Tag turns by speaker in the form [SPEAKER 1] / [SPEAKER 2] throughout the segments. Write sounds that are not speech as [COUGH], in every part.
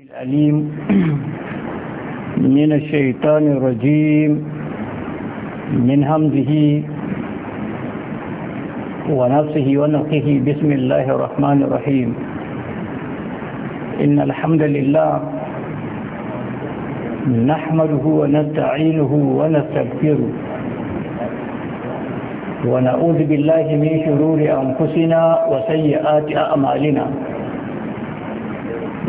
[SPEAKER 1] الأليم من الشيطان الرجيم من همزه ونفسه ونفسه بسم الله الرحمن الرحيم إن الحمد لله نحمده ونستعينه ونستغفره ونعوذ بالله من شرور أنفسنا وسيئات أعمالنا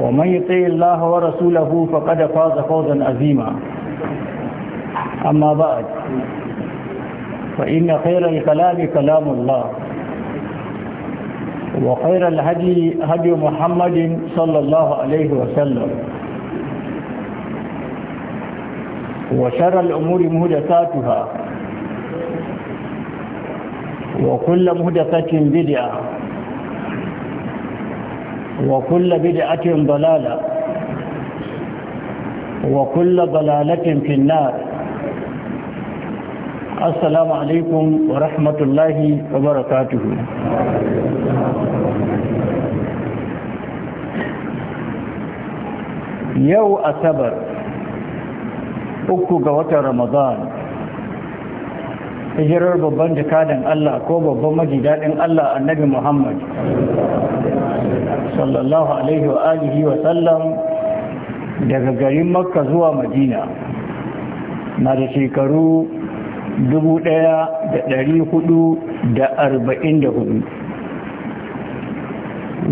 [SPEAKER 1] ومن يطيع الله ورسوله فقد فاز فوزا عظيما أما بعد فإن خير الكلام كلام الله وخير الهدي هدي محمد صلى الله عليه وسلم وشر الأمور مهدساتها وكل مهدسة بدعة وكل بدعة ضلالة وكل ضلالة في النار السلام عليكم ورحمة الله وبركاته يو أسبر uku ga watan ramadan hijirar babban jikadan Allah ko babban maji-daɗin Allah annabi Muhammad sallallahu alaihi wa alihi wa sallam daga garin makka zuwa madina na da shekaru 1444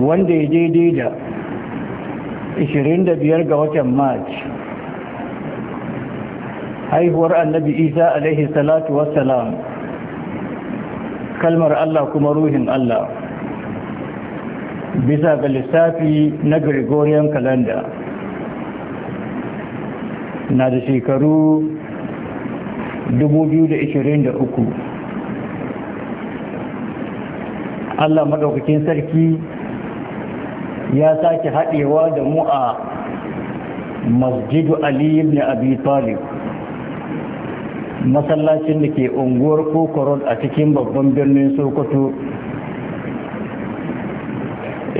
[SPEAKER 1] wanda ya daidai da 25 ga watan march haihuwar annabi isa alaihi salatu wasalam kalmar allah kuma ruhin allah bisa ga lissafi na gregorian calendar na da shekaru 2023 allah maɗaukakin sarki ya sake haɗewa da mu a masjidu ali ibn abi talib masallacin da ke unguwar kokoron a cikin babban birnin sokoto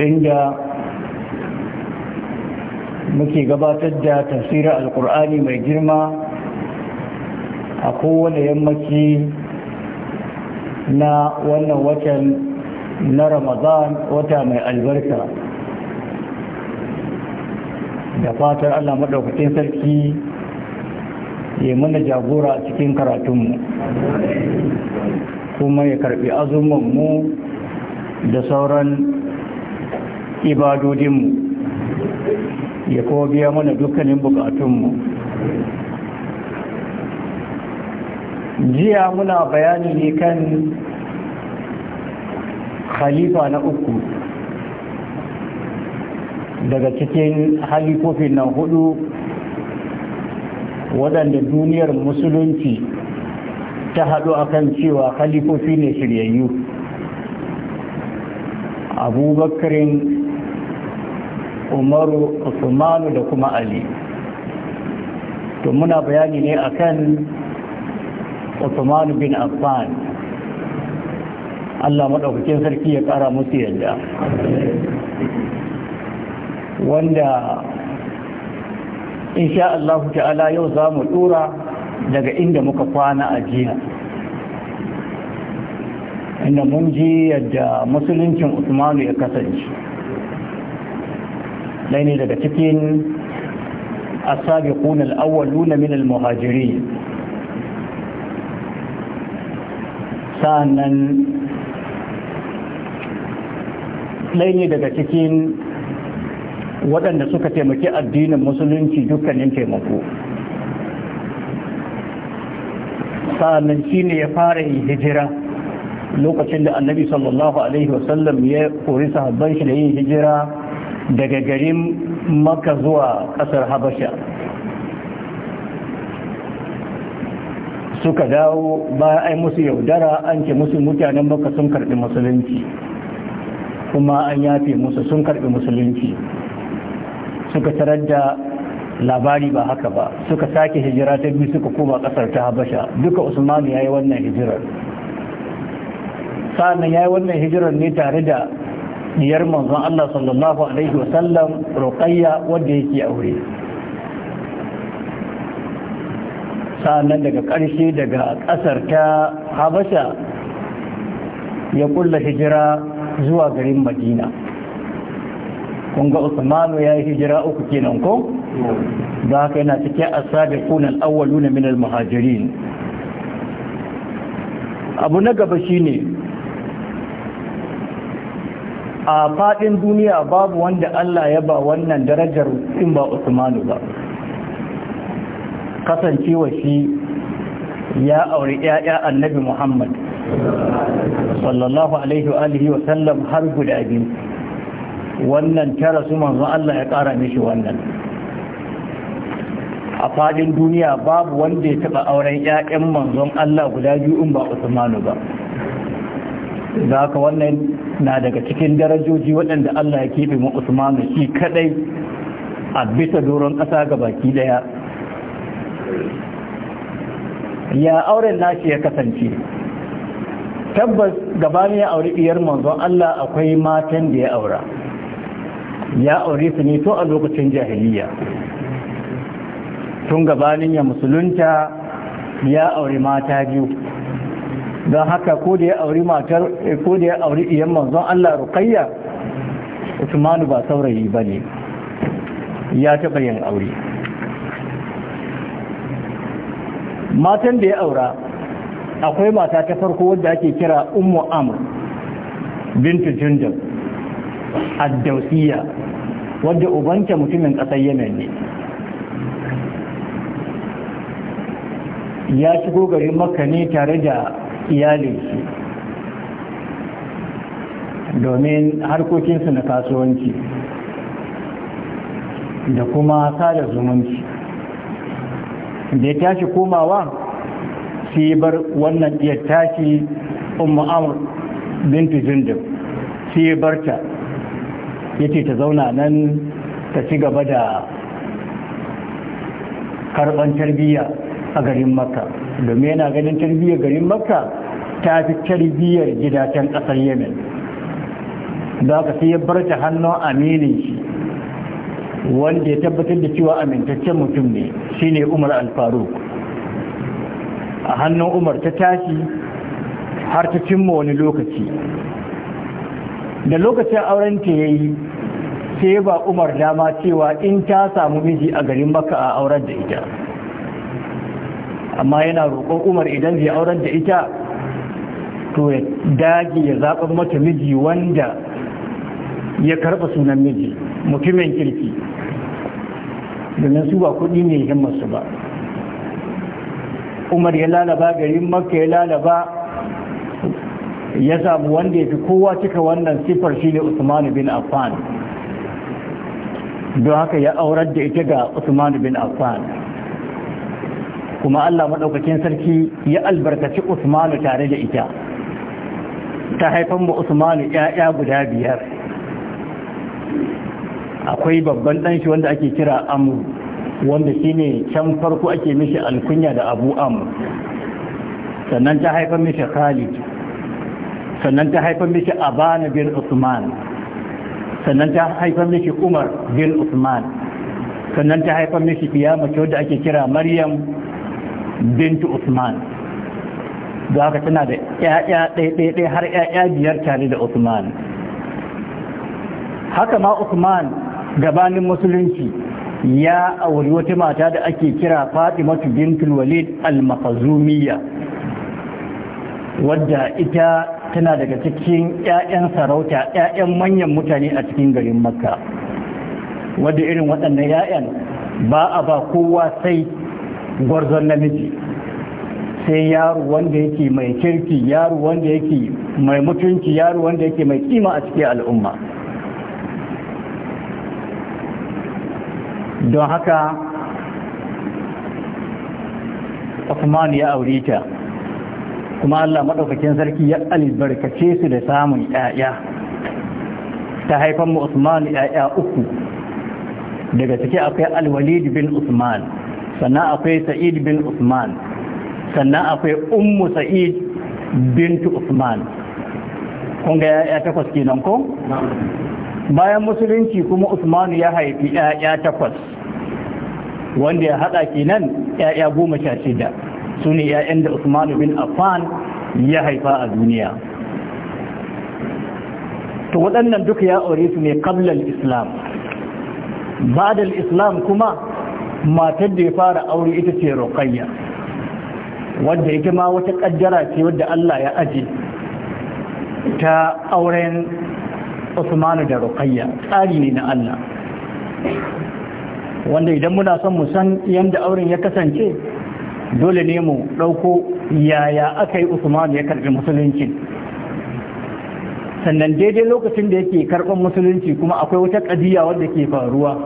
[SPEAKER 1] inda muke gabatar da tafsirin alkur'ani mai girma a kowane yammaci na wannan watan na ramadan wata mai albarka da fatar allah maɗaukacin sarki ya mana jagora cikin karatunmu kuma ya karɓi azumanmu da sauran ibadodinmu ya kuma biya mana dukkanin bukatunmu jiya muna bayani ne kan khalifa na uku daga cikin halifofin nan hudu waɗanda duniyar musulunci ta haɗu a kan cewa halifofi ne shiryayyu abubakarin umaru usmanu da kuma ali to muna bayani ne akan usmanu bin affan Allah madaukakin sarki ya kara musu yadda wanda insha Allah ta'ala yau za mu ɗura daga inda muka kwana a jiya inda mun ji yadda musuluncin usmanu ya kasance ɗaya ne daga cikin asabiqun al-awwaluna min almuhajiri sa'annan ɗaya ne daga cikin waɗanda suka taimaki addinin musulunci dukkanin taimako sa'annan shi ne ya fara yin hijira lokacin da annabi sallallahu alaihi wasallam ya kori sahabban shi da yin hijira daga garin maka zuwa ƙasar habasha suka dawo bayan ai musu yaudara an ce musu mutanen maka sun karɓi musulunci kuma an yafe musu sun karɓi musulunci suka tarar da labari ba haka ba suka sake hijira ta biyu suka koma ƙasar ta habasha duka usmanu ya yi wannan hijirar sa'annan ya yi wannan hijirar ne tare da diyar manzon Allah sallallahu alaihi wasallam ruqayya wanda yake aure sannan daga ƙarshe daga ƙasar ta habasha ya kulla hijira zuwa garin madina kun usmanu ya yi hijira uku kenan ko da haka yana cikin asabi al-awwaluna min minal muhajirin abu na gaba shine a faɗin duniya babu wanda Allah ya ba wannan darajar in ba Usmanu ba kasancewa shi ya auri ‘ya'ya annabi Muhammad sallallahu alaihi wa alihi wa sallam har guda biyu wannan tara su manzon Allah ya ƙara mishi wannan a fadin duniya babu wanda ya taɓa auren ‘ya'yan manzon Allah guda biyu in ba Usmanu ba da haka wannan na daga cikin darajoji waɗanda Allah ya keɓe mu Usmanu shi kadai a bisa doron ƙasa ga baki daya ya auren nashi ya kasance tabbas gabani ya auri biyar manzon Allah akwai matan da ya aura ya aure su ne tun a lokacin jahiliya tun gabanin ya musulunta ya aure mata biyu don haka ko da ya auri matar eh, ko ya auri iyan manzon Allah ruqayya Usmanu ba saurayi bane ya taɓa yin aure matan da ya aura akwai mata ta farko wadda ake kira ummu amr bintu jundub ad-dawsiya wadda ubanta mutumin kasar yemen ne ya shigo garin makka ne tare da Iyalinsu domin harkokinsu na kasuwanci da kuma sada zumunci da ya tashi komawa sai bar wannan iya tashi ummu amur bintu jindin sai barta ya ce ta zauna nan ta ci gaba da karban tarbiyya a garin makka domin yana ganin tarbiyyar garin makka ta fi tarbiyyar gidajen ƙasar yemen da ka sai ya bar ta hannun aminin shi wanda ya tabbatar da cewa amintaccen mutum ne shine umar al-Faruq a hannun umar ta tashi har ta cimma wani lokaci da lokacin aurenta ya yi sai ba umar dama cewa in ta samu miji a garin Makka a auren da ita amma yana roƙon umar idan zai auren da ita to ya dage ya zaɓa mata miji wanda ya karɓa sunan miji mutumin kirki domin su ba kuɗi ne himmarsu ba umar ya lalaba garin maka ya lalaba ya samu wanda ya fi kowa cika wannan siffar shi ne usman bin affan don haka ya aurar da ita ga usman bin affan kuma Allah maɗaukakin sarki ya albarkaci Usmanu tare da ita ta haifan ba Usmanu ‘ya'ya guda biyar akwai babban ɗanshi wanda ake kira amu wanda shi ne can farko ake mishi alkunya da abu amu sannan ta haifan mishi khalid sannan ta haifan mishi abana bin usman sannan ta haifan mishi umar bin usman sannan ta haifan mishi kiyama ce wadda ake kira maryam bintu usman da haka tana da ƴaƴa ɗaiɗaiɗai har ƴaƴa biyar tare da usman haka ma usman gabanin musulunci ya auri wata mata da ake kira Fatima bintul walid al-makhzumiyya wadda ita tana daga cikin 'ya'yan sarauta 'ya'yan manyan mutane a cikin garin makka wadda irin waɗannan 'ya'yan ba a ba kowa sai gwarzon namiji sai yaro wanda yake mai kirki yaro wanda yake mai mutunci yaro wanda yake mai kima a cikin al'umma don haka Usman ya aure ta kuma Allah maɗaukakin sarki ya albarkace su da samun ‘ya'ya ta haifan mu Usman ‘ya'ya uku daga cikin akwai alwalid bin Usman sannan akwai sa'id bin usman sannan akwai ummu sa'id bintu usman kun ga ya takwas kenan ko bayan musulunci kuma usmanu ya haifi ya takwas wanda ya hada kenan ya goma sha shida su ne ‘ya'yan da Usmanu bin Affan ya haifa a duniya. To waɗannan duka ya aure su ne kablar Islam. da Islam kuma matar da ya fara aure ita ce roƙayya wadda ita ma wata ƙaddara ce wadda Allah ya aje ta auren Usmanu da roƙayya tsari ne na Allah wanda idan muna son mu san yadda auren ya kasance dole ne mu ɗauko yaya aka yi Usmanu ya karɓi musulunci sannan daidai lokacin da yake karɓar musulunci kuma akwai wata ƙadiyya wadda ke faruwa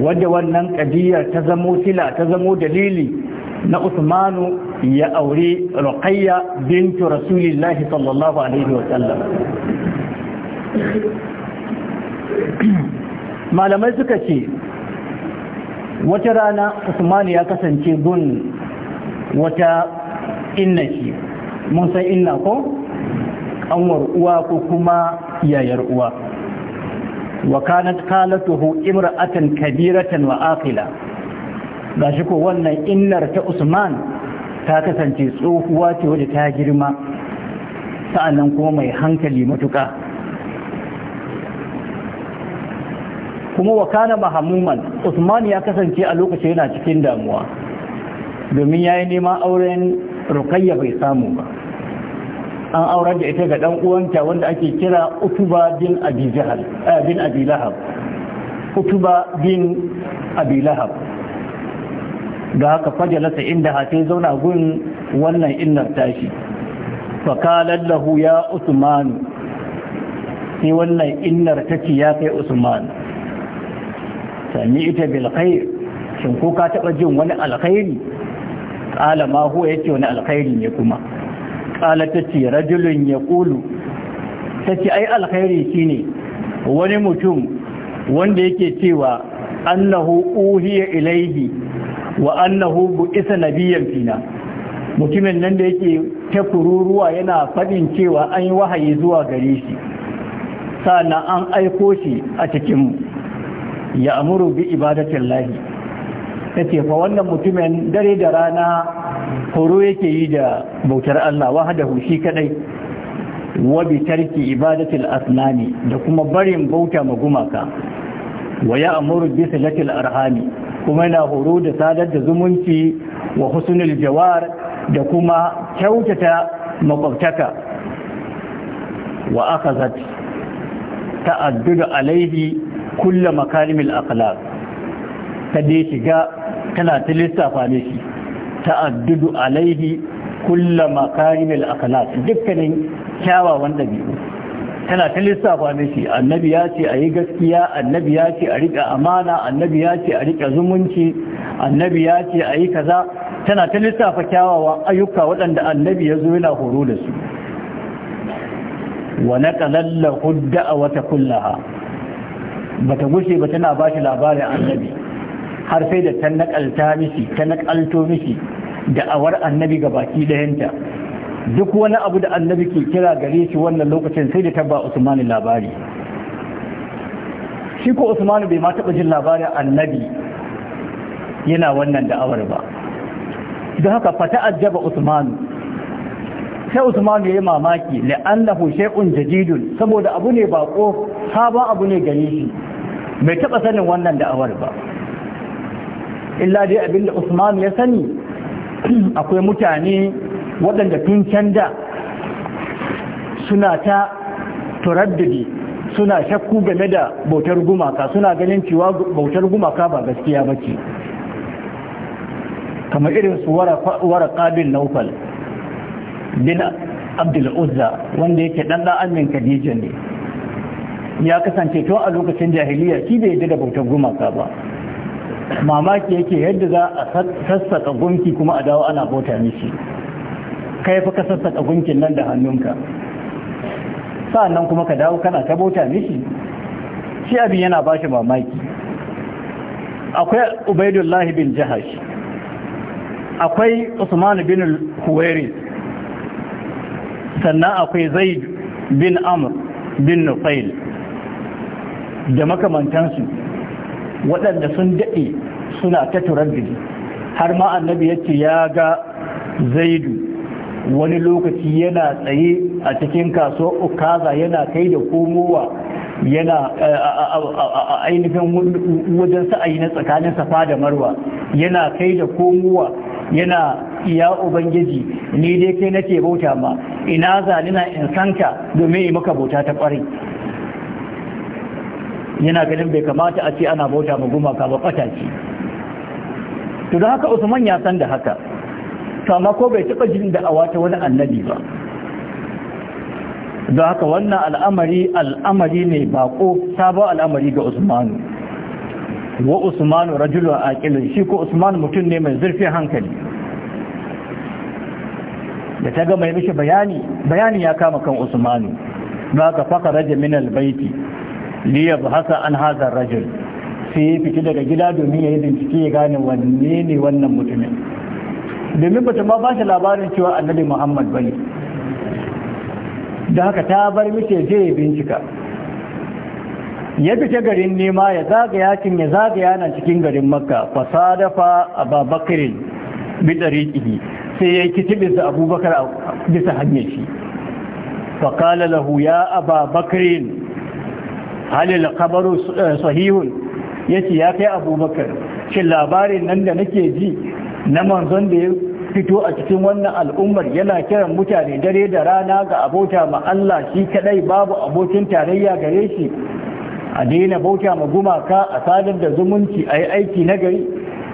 [SPEAKER 1] wadda wannan ƙadiyar ta zamo sila ta zamo dalili na usmanu ya aure ruqayya bintu rasulillahi sallallahu alaihi wasallam
[SPEAKER 2] [CLEARS THROAT]
[SPEAKER 1] malamai suka ce wata rana usmanu ya kasance gun wata innaki mun san inna ko ƙanwar uwa ko kuma yayar uwa wa kanat khalatuhu imra'atan kabiratan wa gashi ko wannan innar ta Usman ta kasance tsohuwa ce wadda ta girma sa'annan kuma mai hankali matuƙa kuma wa kana Usman ya kasance a lokacin yana cikin damuwa domin yayi neman auren Ruqayya bai samu ba an aurar da ita ga dan uwanta wanda ake kira utuba bin abi jahal eh, bin abi lahab utuba bin abi lahab da haka fajalata inda hatai zauna gun wannan innar tashi fakalar lahu ya usman sai wannan innar tace ya kai usman sami ita khair shin ko ka taɓa jin wani alkhairi ƙala ma huwa ya ce wani alkhairi ne kuma kala ta ce rajulun ya ƙulu ta ce ai alkhairi shine wani mutum wanda yake cewa annahu uhiya ilaihi wa annahu bu'isa nabiyyan fina mutumin nan da yake ta kururuwa yana faɗin cewa an yi wahayi zuwa gare shi sannan an aiko shi a cikinmu ya amuru bi ibadatin lahi ta ce fa wannan mutumin dare da rana horo yake yi da bautar Allah wahdahu shi kadai wa bi tarki ibadatil asnami da kuma barin bauta ma gumaka wa ya'muru bi silatil arhami kuma yana horo da sadar da zumunci wa husnul jawar da kuma kyautata makwabtaka wa akhazat ta'addudu alaihi kullu makarimil akhlaq ta dai shiga tana ta lissafa ne shi ta'addudu alaihi kulla makarimil akalat dukkanin kyawawan dabi'u tana ta lissafa mishi annabi ya ce a yi gaskiya annabi ya ce a riƙa amana annabi ya ce a riƙa zumunci annabi ya ce a yi kaza tana ta lissafa kyawawan ayyuka waɗanda annabi ya zo yana horo da su wa naqalalla hudda wata kullaha bata gushe ba tana bashi labarin annabi har sai da ta nakalta mishi ta nakalto da awar annabi ga baki dayanta duk wani abu da annabi ke kira gare shi wannan lokacin sai da ta ba Usman labari shi ko Usman bai ma taɓa jin labarin annabi yana wannan da'awar ba don haka fata ajaba Usman sai Usman ya yi mamaki la'annahu shay'un jadidun saboda abu ne bako sabon abu ne gare shi bai taɓa sanin wannan da'awar ba illa dai abinda usman ya sani [CLEARS THROAT] akwai mutane waɗanda tun can da suna ta turaddadi suna shakku game da bautar gumaka suna ganin cewa bautar gumaka ba gaskiya ba ce kamar irin su wara ƙabin naufal bin abdul'uzza wanda yake ɗan ɗan khadija ne ya kasance tun a lokacin jahiliya shi bai yadda da bautar gumaka ba mamaki yake yadda za a sassaka gunki kuma a dawo ana bota mishi kai fa ka sassaka gunkin nan da hannunka sa'annan kuma ka dawo kana ta bota mishi shi abin yana bashi mamaki akwai ubaidullahi bin jahash akwai usman bin huwairi sannan akwai zaid bin amr bin nufail da makamantansu waɗanda sun daɗe suna ta turaddudi har ma annabi ya ce ya ga zaidu wani lokaci yana tsaye a cikin kaso ukaza yana kai da komowa yana ainihin wajen sa'ayi na tsakanin safa da marwa yana kai da komowa yana Iya ubangiji ni dai kai nake bauta ma ina zalina in sanka domin yi maka bauta ta kwarai yana ganin bai kamata a ce ana bauta ma gumaka ba kwata ce to da haka usman ya san da haka amma ko bai taba jin da awa ta wani annabi ba don haka wannan al'amari al'amari ne baƙo sabo al'amari ga usmanu wa usmanu rajulun aqil shi ko Usman mutum ne mai zurfin hankali da ta ga mai mishi bayani bayani ya kama kan usmanu ba ka faka min liya ba haka an hazar rajul sai ya fita daga gida domin ya yi bincike ya gane wanne ne wannan mutumin domin bata ma ba shi labarin cewa annabi muhammad ne da haka ta bar mace je ya bincika ya fita garin nema ya zagaya cin ya zagaya na cikin garin makka fasadafa a babakirin sai ya kici da abubakar bisa hanyar shi faƙala lahu ya ababakarin halil kabaru sahihun ya ya kai abubakar shi labarin nan da nake ji na manzon da ya fito a cikin wannan al'ummar yana kiran mutane dare da rana ga abota ma Allah shi kadai babu abokin tarayya gare shi a daina bauta ma gumaka a sadar da zumunci a yi aiki na gari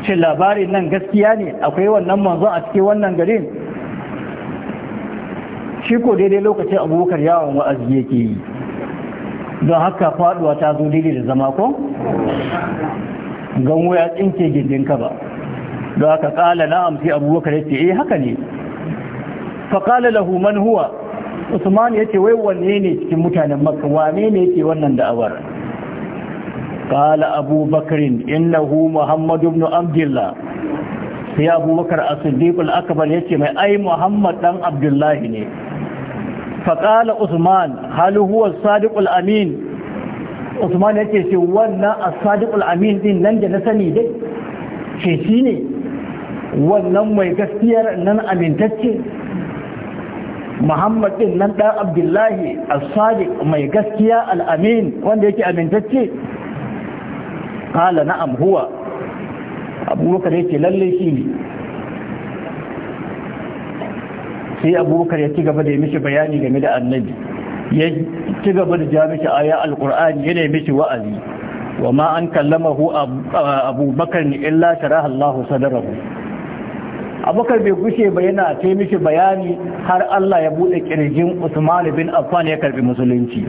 [SPEAKER 1] shi labarin nan gaskiya ne akwai wannan manzo a cikin wannan garin shi ko daidai lokacin abubakar yawon wa'azi yake yi don haka faduwa ta zo daidai da zama ko gan waya tsinke gindinka ba don haka kala na amsi abubakar ya ce eh haka ne kala lahu man huwa usman ya ce wai wanne ne cikin mutanen makka wane ne yake wannan da'awar kala abubakar innahu muhammadu ibn abdullah sai abubakar as-siddiq al-akbar yace mai ai muhammad dan abdullahi ne faƙala usman halu huwa sadiqul amin usman yake ce wannan as-sadiqul amin din nan da na sani dai ce shi ne wannan mai gaskiyar nan amintacce muhammad din nan dan abdullahi as-sadiq mai gaskiya al-amin wanda yake amintacce qala na'am huwa abubakar yake lalle shi ne sai abubakar ya ci gaba da yi mishi bayani game da annabi ya ci gaba da ja mishi aya alkur'ani yana mishi wa'azi wa ma an kallamahu abubakar ni illa sharaha Allah sadarahu abubakar bai gushe ba yana sai mishi bayani har Allah ya bude kirjin Usman bin Affan ya karbi musulunci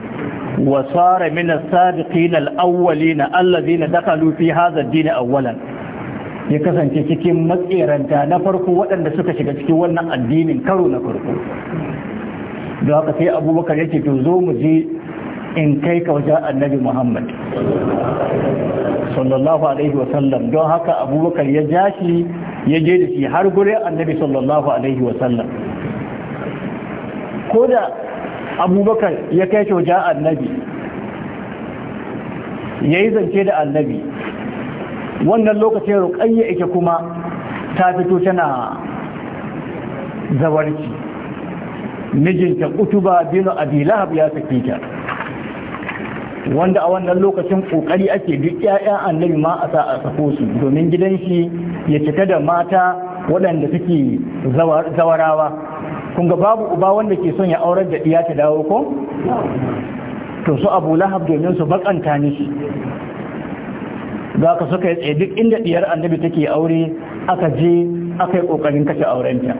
[SPEAKER 1] wa sara min as-sadiqin al-awwalin alladhina dakhalu fi hadha ad-din awwalan ya kasance cikin matseranta na farko waɗanda suka shiga cikin wannan addinin karo na farko da haka sai abubakar ya ce to zo mu je in kai ka wajen annabi muhammad sallallahu alaihi wasallam don haka abubakar ya ja shi ya je da shi har gure annabi sallallahu alaihi wasallam ko da abubakar ya kai shi wajen annabi ya yi zance da annabi wannan lokacin ruƙayya ita kuma ta fito tana zawarci mijinta kutuba bin abi lahab ya sake ta wanda a wannan lokacin kokari ake duk ƴaƴan annabi ma a sa a su domin gidan shi ya cika da mata waɗanda suke zawarawa kun ga babu uba wanda ke son ya aurar da ɗiya ta dawo ko to su abu lahab domin su bakanta shi. za ka suka yi tsaye duk inda ɗiyar annabi take aure aka je aka yi ƙoƙarin kashe aurenta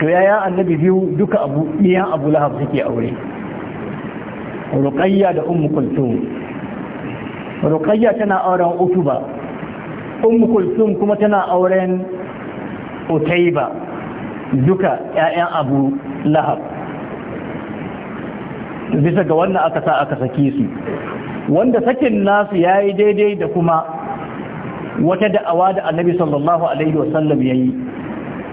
[SPEAKER 1] to yaya annabi biyu duka abu ɗiyan abu lahab suke aure Rukayya da ummu rukayya tana auren utuba ummu kuma tana auren utaiba duka 'ya'yan abu lahab bisa ga wannan aka sa aka saki su wanda sakin nasu ya yi daidai da kuma wata da'awa da annabi sallallahu alaihi wasallam ya yi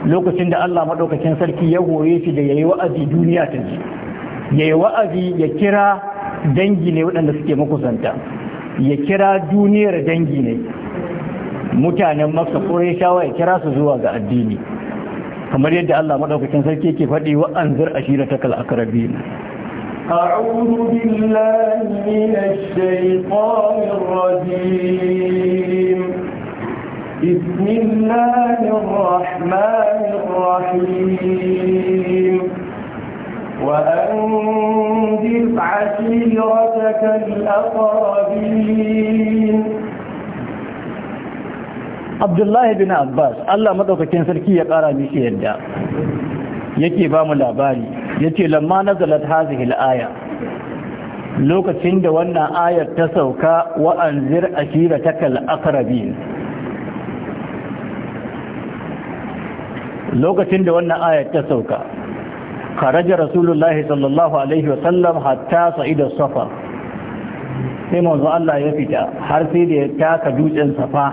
[SPEAKER 1] lokacin da Allah maɗaukacin sarki ya goye shi da ya yi wa'azi duniya ta ji ya yi wa'azi ya kira dangi ne waɗanda suke makusanta ya kira duniyar dangi ne mutanen masa shawa ya kira su zuwa ga addini kamar yadda Allah maɗaukacin sarki ke faɗi takal a akrabin
[SPEAKER 3] أعوذ بالله من الشيطان الرجيم بسم الله الرحمن الرحيم وأنذر عشيرتك الأقربين
[SPEAKER 1] Abdullahi bin Abbas, Allah maɗaukakin sarki ya ƙara mishi yadda, yake ba mu labari yace lamma na hazihi al-aya lokacin da wannan ayar ta sauka wa anzir ashiratakal aqrabin lokacin da wannan ayar ta sauka kharaja rasulullahi sallallahu alaihi wasallam hatta sa'ida safa sai manzo Allah ya fita har sai da ya taka dutsen safa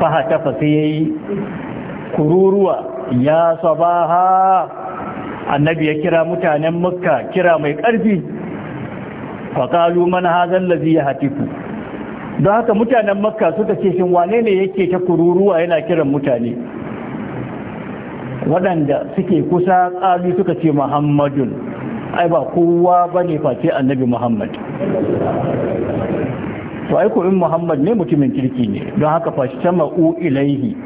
[SPEAKER 1] faha tafa ya yi kururuwa ya sabaha annabi ya kira mutanen makka kira mai ƙarfi faƙalu man hazan lazi ya hatiku don haka mutanen makka suka ce shin wane ne yake ta kururuwa yana kiran mutane waɗanda suke kusa ƙalu suka ce muhammadun ai ba kowa ba ne face annabi muhammad to aiko in muhammad ne mutumin kirki ne don haka fashe ma'u ilaihi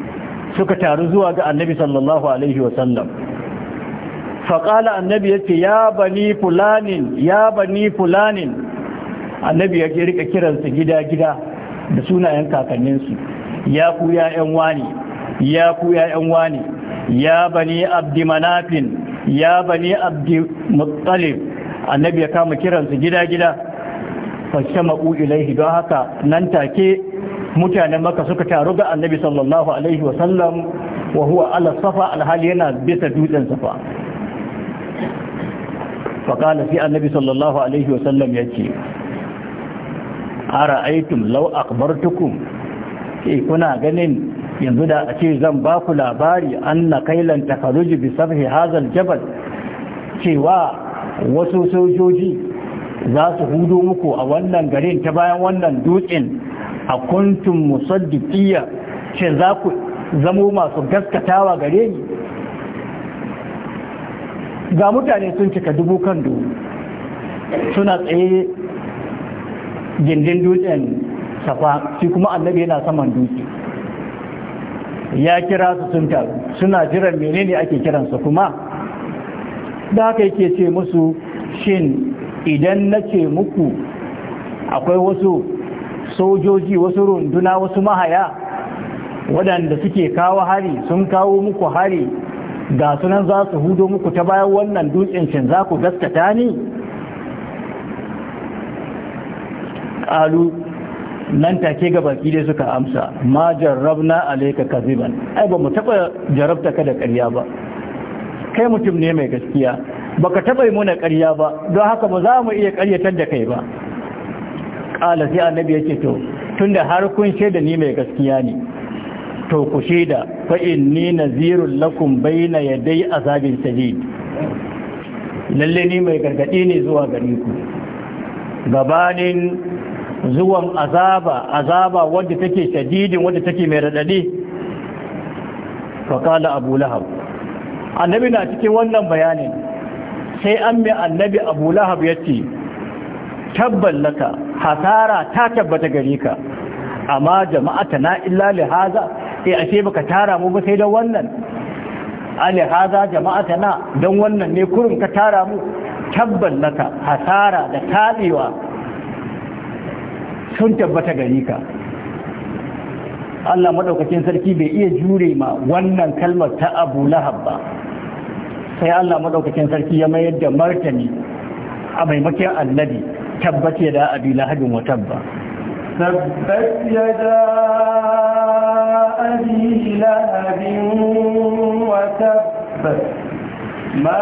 [SPEAKER 1] suka taru zuwa ga annabi sallallahu alaihi wasallam faƙala annabi ya ce ya bani fulanin ya bani fulanin annabi ya rika kiransu gida-gida da sunayen kakanninsu ya ku ya'yan wani ya ku ya'yan wani ya bani abdi manafin ya bani abdi muttalib annabi ya kama kiransu gida-gida fashe maƙu ilaihi don haka nan take mutanen maka suka taru ga annabi sallallahu alaihi wasallam wa huwa ala safa alhali yana bisa dutsen safa faƙala annabi sallallahu alaihi wasallam ya ce ara ra'aitun lau tukun, ke eh, kuna ganin yanzu da a ce zan ba ku labari an na kailan takaruji bi hazal jabal cewa wasu sojoji za su hudu muku a wannan garin ta bayan wannan dutsen a kuntun musaddiqiyya ce za ku zamo masu gaskatawa gare ni ga mutane sun cika dubu kan dubu suna tsaye gindin dutsen safa shi kuma annabi yana saman dutse ya kira su sun taru suna jiran menene ake kiransa kuma da haka yake ce musu shin idan nace muku akwai wasu sojoji wasu runduna wasu mahaya waɗanda suke kawo hari sun kawo muku hari ga sunan za su hudo muku ta bayan wannan dutsen shin za ku gaskata ne ƙalu nan take ga baki dai suka amsa ma jarrabna alayka kaziban ai ba mu taɓa jarabta ka da ƙarya ba kai mutum ne mai gaskiya baka taɓa yi muna ƙarya ba don haka ba za mu iya ƙaryatar da kai ba faƙala sai annabi yake to tunda har kun shaida ni mai gaskiya ne to ku shaida fa inni nazirul lakum bayna yaday azabin shadid lalle ni mai gargadi ne zuwa gare ku gabanin zuwan azaba azaba wanda take shadidin wanda take mai radadi faƙala abu lahab annabi na cikin wannan bayanin sai an mai annabi abu lahab yace tabban laka hasara ta tabbata gare ka amma jama'ata na illa li sai eh, ashe baka tara mu ba sai da wannan ali jama'a ta na dan wannan ne kurin ka tara mu tabban laka hasara da tabewa sun tabbata gare ka Allah madaukakin sarki bai iya jure ma wannan kalmar ta Abu Lahab ba sai Allah maɗaukacin sarki ya mayar da martani a maimakon annabi tabbat yada abi lahabin wa tabba
[SPEAKER 3] tabbat yada abi lahabin wa tabba ma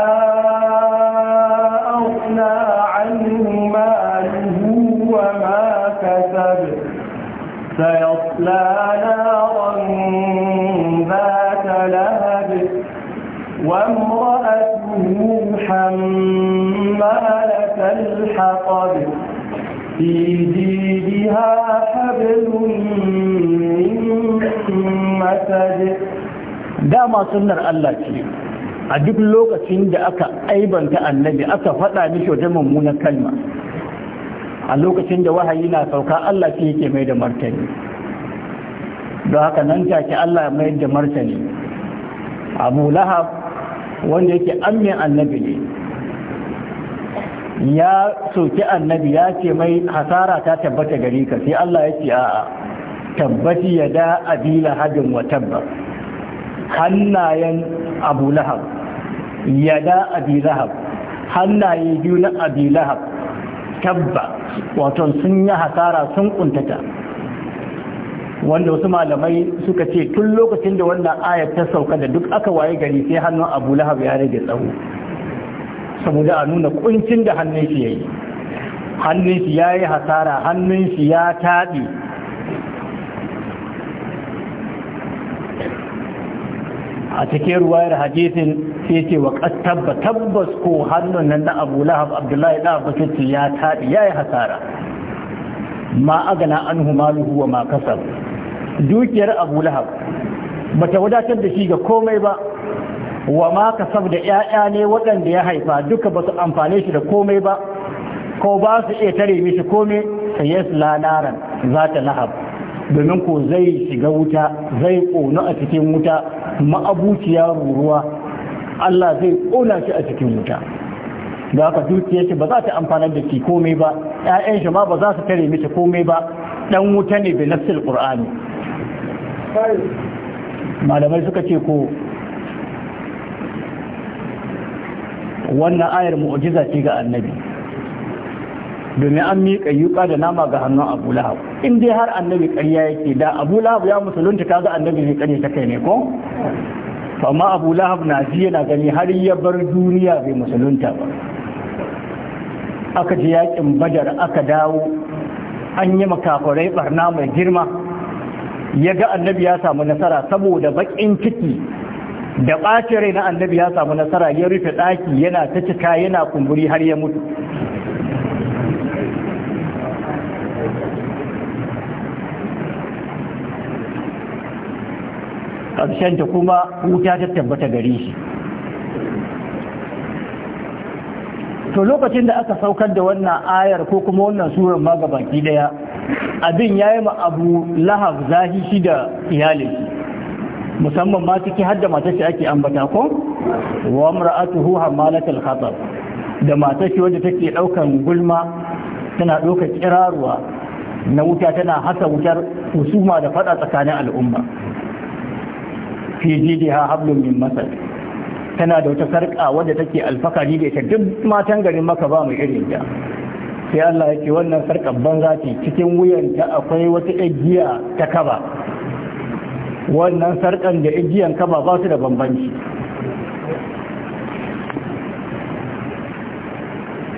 [SPEAKER 3] aghna anhu maluhu wa ma kasab sayasla naran ذات لهب وامرأته حمالة الحطب في جيدها حبل
[SPEAKER 1] من مسد dama sunnar Allah ce a duk lokacin da aka aibanta annabi aka faɗa mishi wata mummunar kalma a lokacin da wahayi na sauka Allah ce yake mai da martani don haka nan take Allah mai da martani abu lahab wanda yake ammin annabi ne ya sauki annabi ya ce mai hasara ta tabbata gari ka sai Allah ya ce a'a tabbati ya da abila hadin wa tabba hannayen abu lahab ya da abi hannaye biyu na abi tabba wato sun yi hasara sun kuntata wanda wasu malamai suka ce tun lokacin da wannan ayar ta sauka da duk aka waye gari sai hannun abu lahab ya rage tsawo saboda a nuna kuncin da hannun shi ya yi hannun shi ya yi hasara hannun shi ya taɗi a cikin ruwayar hadisin sai ce wa tabba tabbas ko hannun nan na abu lahab abdullahi da abu ya taɗi ya yi hasara ma agana an maluhu wa ma kasar dukiyar abu lahab ba ta wadatar da shi ga komai ba wa ma ka da 'ya'ya ne waɗanda ya haifa duka ba su amfane shi da komai ba ko ba su iya tare mishi komai sai ya lanaran za ta lahab domin ko zai shiga wuta zai ƙona a cikin wuta ma'abuciya ruruwa Allah zai ƙona shi a cikin wuta da haka dukiyar shi ba za ta amfana da shi komai ba 'ya'yan shi ma ba za su tare mishi komai ba dan wuta ne bi nafsil qur'ani malamai suka ce ko wannan ayar mu'ujiza ce ga annabi domin an miƙa yuƙa da nama ga hannun abu lahab in dai har annabi ƙarya yake da abu lahab ya musulunta ka ga annabi zai ƙarya ta kai ne ko amma abu lahab na ji yana gani har ya bar duniya bai musulunta ba aka ji yaƙin bajar aka dawo an yi makafarai barna mai girma ya ga annabi ya samu nasara saboda bakin ciki da ɓace rai na annabi ya samu nasara ya rufe ɗaki yana ta cika yana kumburi har ya mutu ƙarshen ta kuma wuta ta tabbata gare shi to lokacin da aka saukar da wannan ayar ko kuma wannan surar ma gabaki daya abin yayi ma abu lahab zahi shi da iyalin musamman ma ciki hadda matar shi ake ambata ko wa mar'atuhu hamalatul khatab da matar shi wanda take daukan gulma tana doka kiraruwa na wuta tana hasa wutar usuma da fada tsakanin al'umma fi jidiha hablum min masal tana da wata sarƙa wadda take alfakari da ita duk matan garin maka ba mu irin ta sai Allah ya ce wannan sarƙar banza ce cikin wuyanta akwai wata igiya ta kaba wannan sarƙar da igiyan kaba ba su da bambanci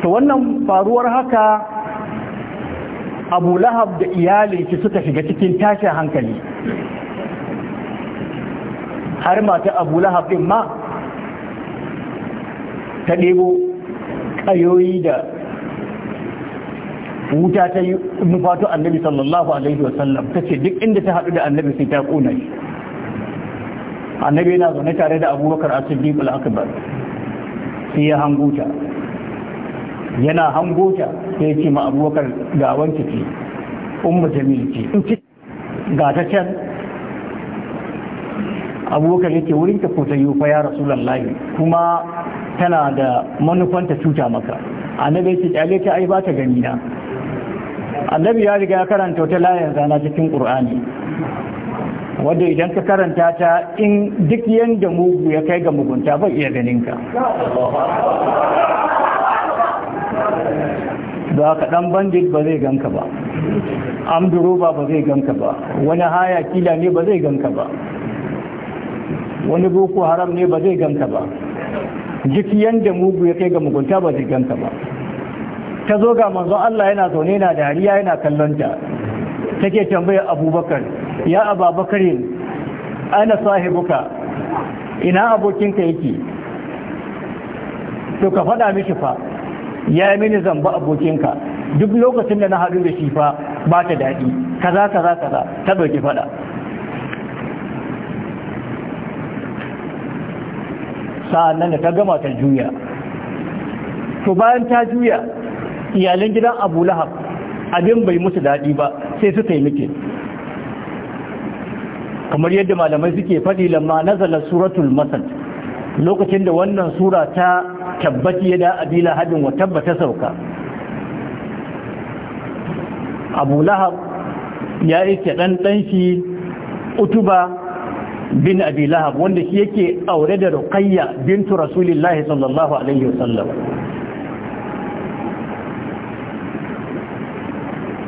[SPEAKER 1] to wannan faruwar haka abu lahab da iyali shi suka shiga cikin tashin hankali har mata abu lahab din ma ta ɗebo ƙayoyi da wuta ta yi nufato annabi sallallahu alaihi wasallam ta ce duk inda ta haɗu da annabi sai ta ƙuna shi annabi yana zaune tare da abubakar a cikin al-akbar sai ya hanguta yana hanguta sai ya ce ma abubakar ga wanci ce ummu jamil ce in ci ga ta can abubakar yake wurin ta ko ya yi fa ya lallahi kuma tana da manufan ta cuta maka annabi ya ce kyale ta ai ba ta gani na annabi ya riga ya karanta wata layar zana cikin qur'ani wanda idan ka karanta ta in duk yanda mugu ya kai ga mugunta bai iya ganin ka ba ka dan bandit ba zai ganka ba amduroba ba zai ganka ba wani haya kila ne ba zai ganka ba wani boko haram ne ba zai ganka ba jiki yanda mugu ya kai ga mugunta ba ta ba ta zo ga manzon Allah yana zaune na dariya yana kallonta take tambayar abubakar ya ababakarin ana sahibuka ina abokinka yake to ka faɗa mishi fa ya yi mini zamba abokinka duk lokacin da na haɗu da shi fa ba ta daɗi kaza kaza kaza ta ɗauki faɗa sa'an nan da ta gama ta juya to bayan ta juya iyalan gidan abu lahab abin bai musu daɗi ba sai su yi kamar yadda malamai suke faɗi lamma nazala suratul masal lokacin da wannan sura ta tabbaci yada abi lahabin wa tabbata sauka abu lahab ya yi ke ɗanɗanshi utuba bin abi lahab wanda shi yake aure da ruqayya bintu rasulillahi sallallahu alaihi wasallam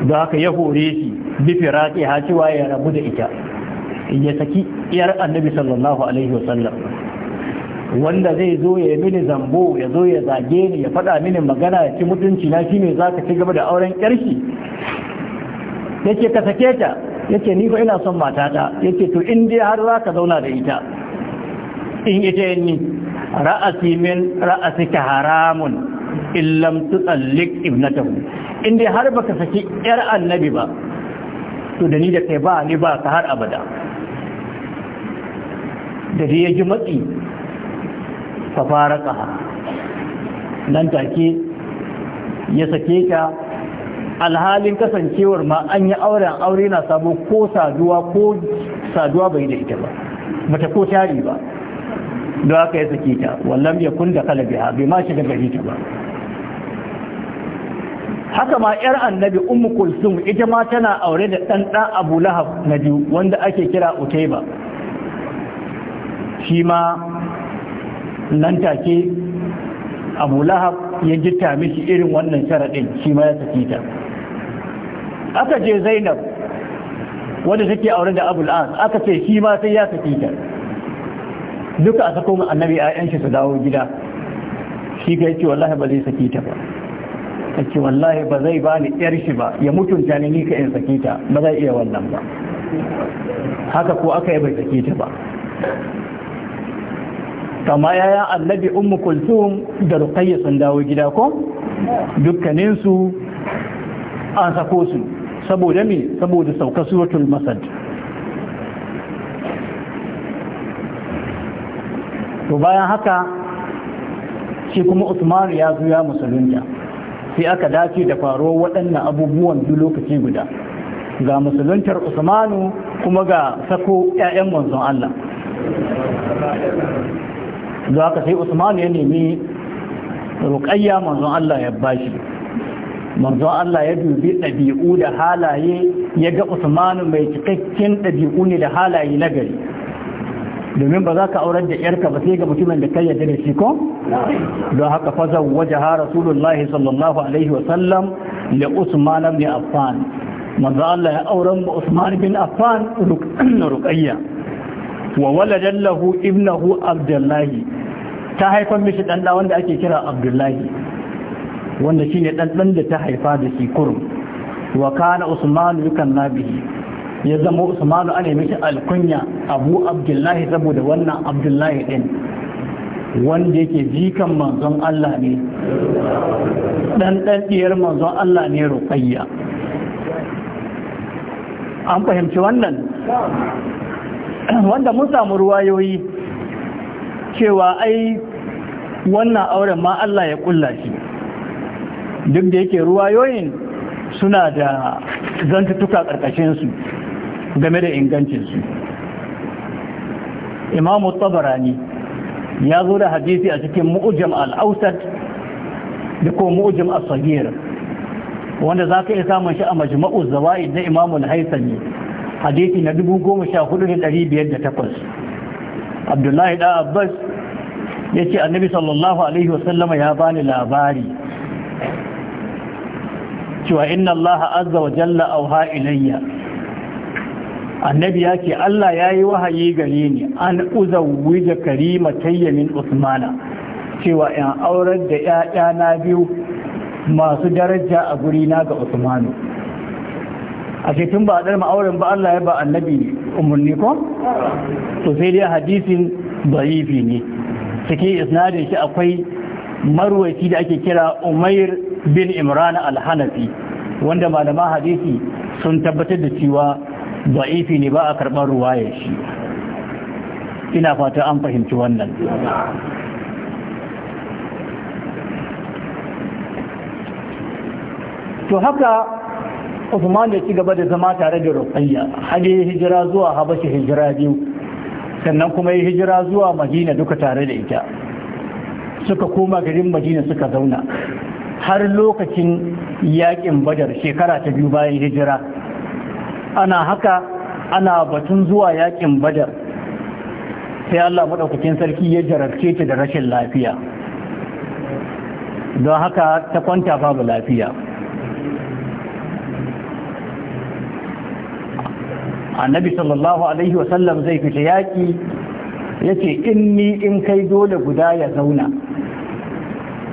[SPEAKER 1] da haka ya hore shi bifi firaqi ha cewa ya rabu da ita ya saki yar annabi sallallahu alaihi wasallam wanda zai zo ya yi mini zambo ya zo ya zage ni ya faɗa mini magana ya ci mutunci na shine za ka ci gaba da auren ƙyarshi yake ka sake ta yace ni fa ina son matata yace to in dai har za ka zauna da ita in ita yanni ra'asi min ra'asika haramun in lam tutallik ibnatahu in dai har baka saki yar annabi ba to da ni da kai ba ni ba ka har abada da dai ya ji matsi fa faraka nan take ya sake ka alhalin kasancewar ma an yi auren aure na sabo ko saduwa ko saduwa bai da ita ba bata ko tari ba don haka ya saki ta wallan ya kun da kalabi ha bai ma shiga gari ta ba haka ma yar annabi ummu kulsum ita ma tana aure da dan dan abu lahab na biyu wanda ake kira utaiba shi ma nan take abu lahab ya jitta mishi irin wannan sharaɗin shi ma ya saki ta aka je zainab wadda take aure da abul as aka ce shi ma sai ya tafi ta duka a sako mu annabi ayan shi su dawo gida shi ga yace wallahi ba zai saki ta ba yace wallahi ba zai ba ni yar shi ba ya mutunta ni ni ka in saki ta ba zai iya wannan ba haka ko aka yi bai saki ta ba kama yaya annabi ummu kulthum da ruqayyah sun dawo gida ko dukkaninsu an sako su saboda me saboda sauka suratul masad to bayan haka shi kuma usman ya zuya musulunta sai aka dace da faruwar waɗannan abubuwan duk lokaci guda ga musuluntar usmanu kuma ga sako ƴaƴan manzon Allah za ka sai usman ya nemi ruƙayya manzon Allah ya bashi manzo Allah ya dubi ɗabi'u da halaye ya ga Usmanu mai cikakken ɗabi'u ne da halaye na gari domin ba za ka aurar da yarka ba sai ga mutumin da kai yadda da shi ko don haka fazan waje ha rasulullah sallallahu alaihi wa sallam da Usman bin Affan manzo Allah ya auren ba Usman bin Affan [CLEARS THROAT] ruqayya wa waladan lahu ibnahu Abdullahi ta haifar mishi dan da wanda ake kira Abdullahi wanda shine ɗanɗan da ta haifa da shi kurum wa kana usmanu yukan nabihi ya zama usmanu ana miki alkunya abu abdullahi saboda wannan abdullahi din wanda yake jikan manzon Allah ne ɗanɗan ɗiyar manzon Allah ne ruƙayya an fahimci wannan wanda mun samu ruwayoyi cewa ai wannan auren ma Allah ya kulla shi duk da yake ruwayoyin suna da zantuttuka ƙarƙashinsu game da ingancinsu imamu tabarani ya zo da hadisi a cikin mu'ujam al'ausat da ko mu'ujam al wanda za ka iya samun shi a majma'u zawa'id na imamu al-haisami hadisi na 14508 abdullahi da abbas ya ce annabi sallallahu alaihi wasallama ya bani labari cewa inna Allah azza wa jalla auha ilayya annabi yake Allah yayi wahayi gare ni an uzawwija karimatayya min usmana cewa in aurar da 'ya'yana biyu masu daraja a guri na ga usmanu a cikin ba a ɗarma auren ba Allah ya ba annabi umarni ko to sai dai hadisin da'ifi ne cikin isnadin shi akwai marwaci da ake kira umair bin imran al-hanafi wanda malama hadisi sun tabbatar da cewa da'ifi ne ba a karɓar ruwayar shi ina fata an fahimci wannan to haka Usman ya ci gaba da zama tare da Ruqayya har hijira zuwa Habashi hijira biyu sannan kuma yi hijira zuwa Madina duka tare da ita suka koma garin Madina suka zauna har lokacin yaƙin badar shekara ta biyu bayan hijira ana haka ana batun zuwa yaƙin badar sai Allah maɗaukakin sarki ya jarabce ta da rashin lafiya don haka ta kwanta babu lafiya annabi sallallahu alaihi wasallam zai fita yaƙi ya ce in ni in kai dole guda ya zauna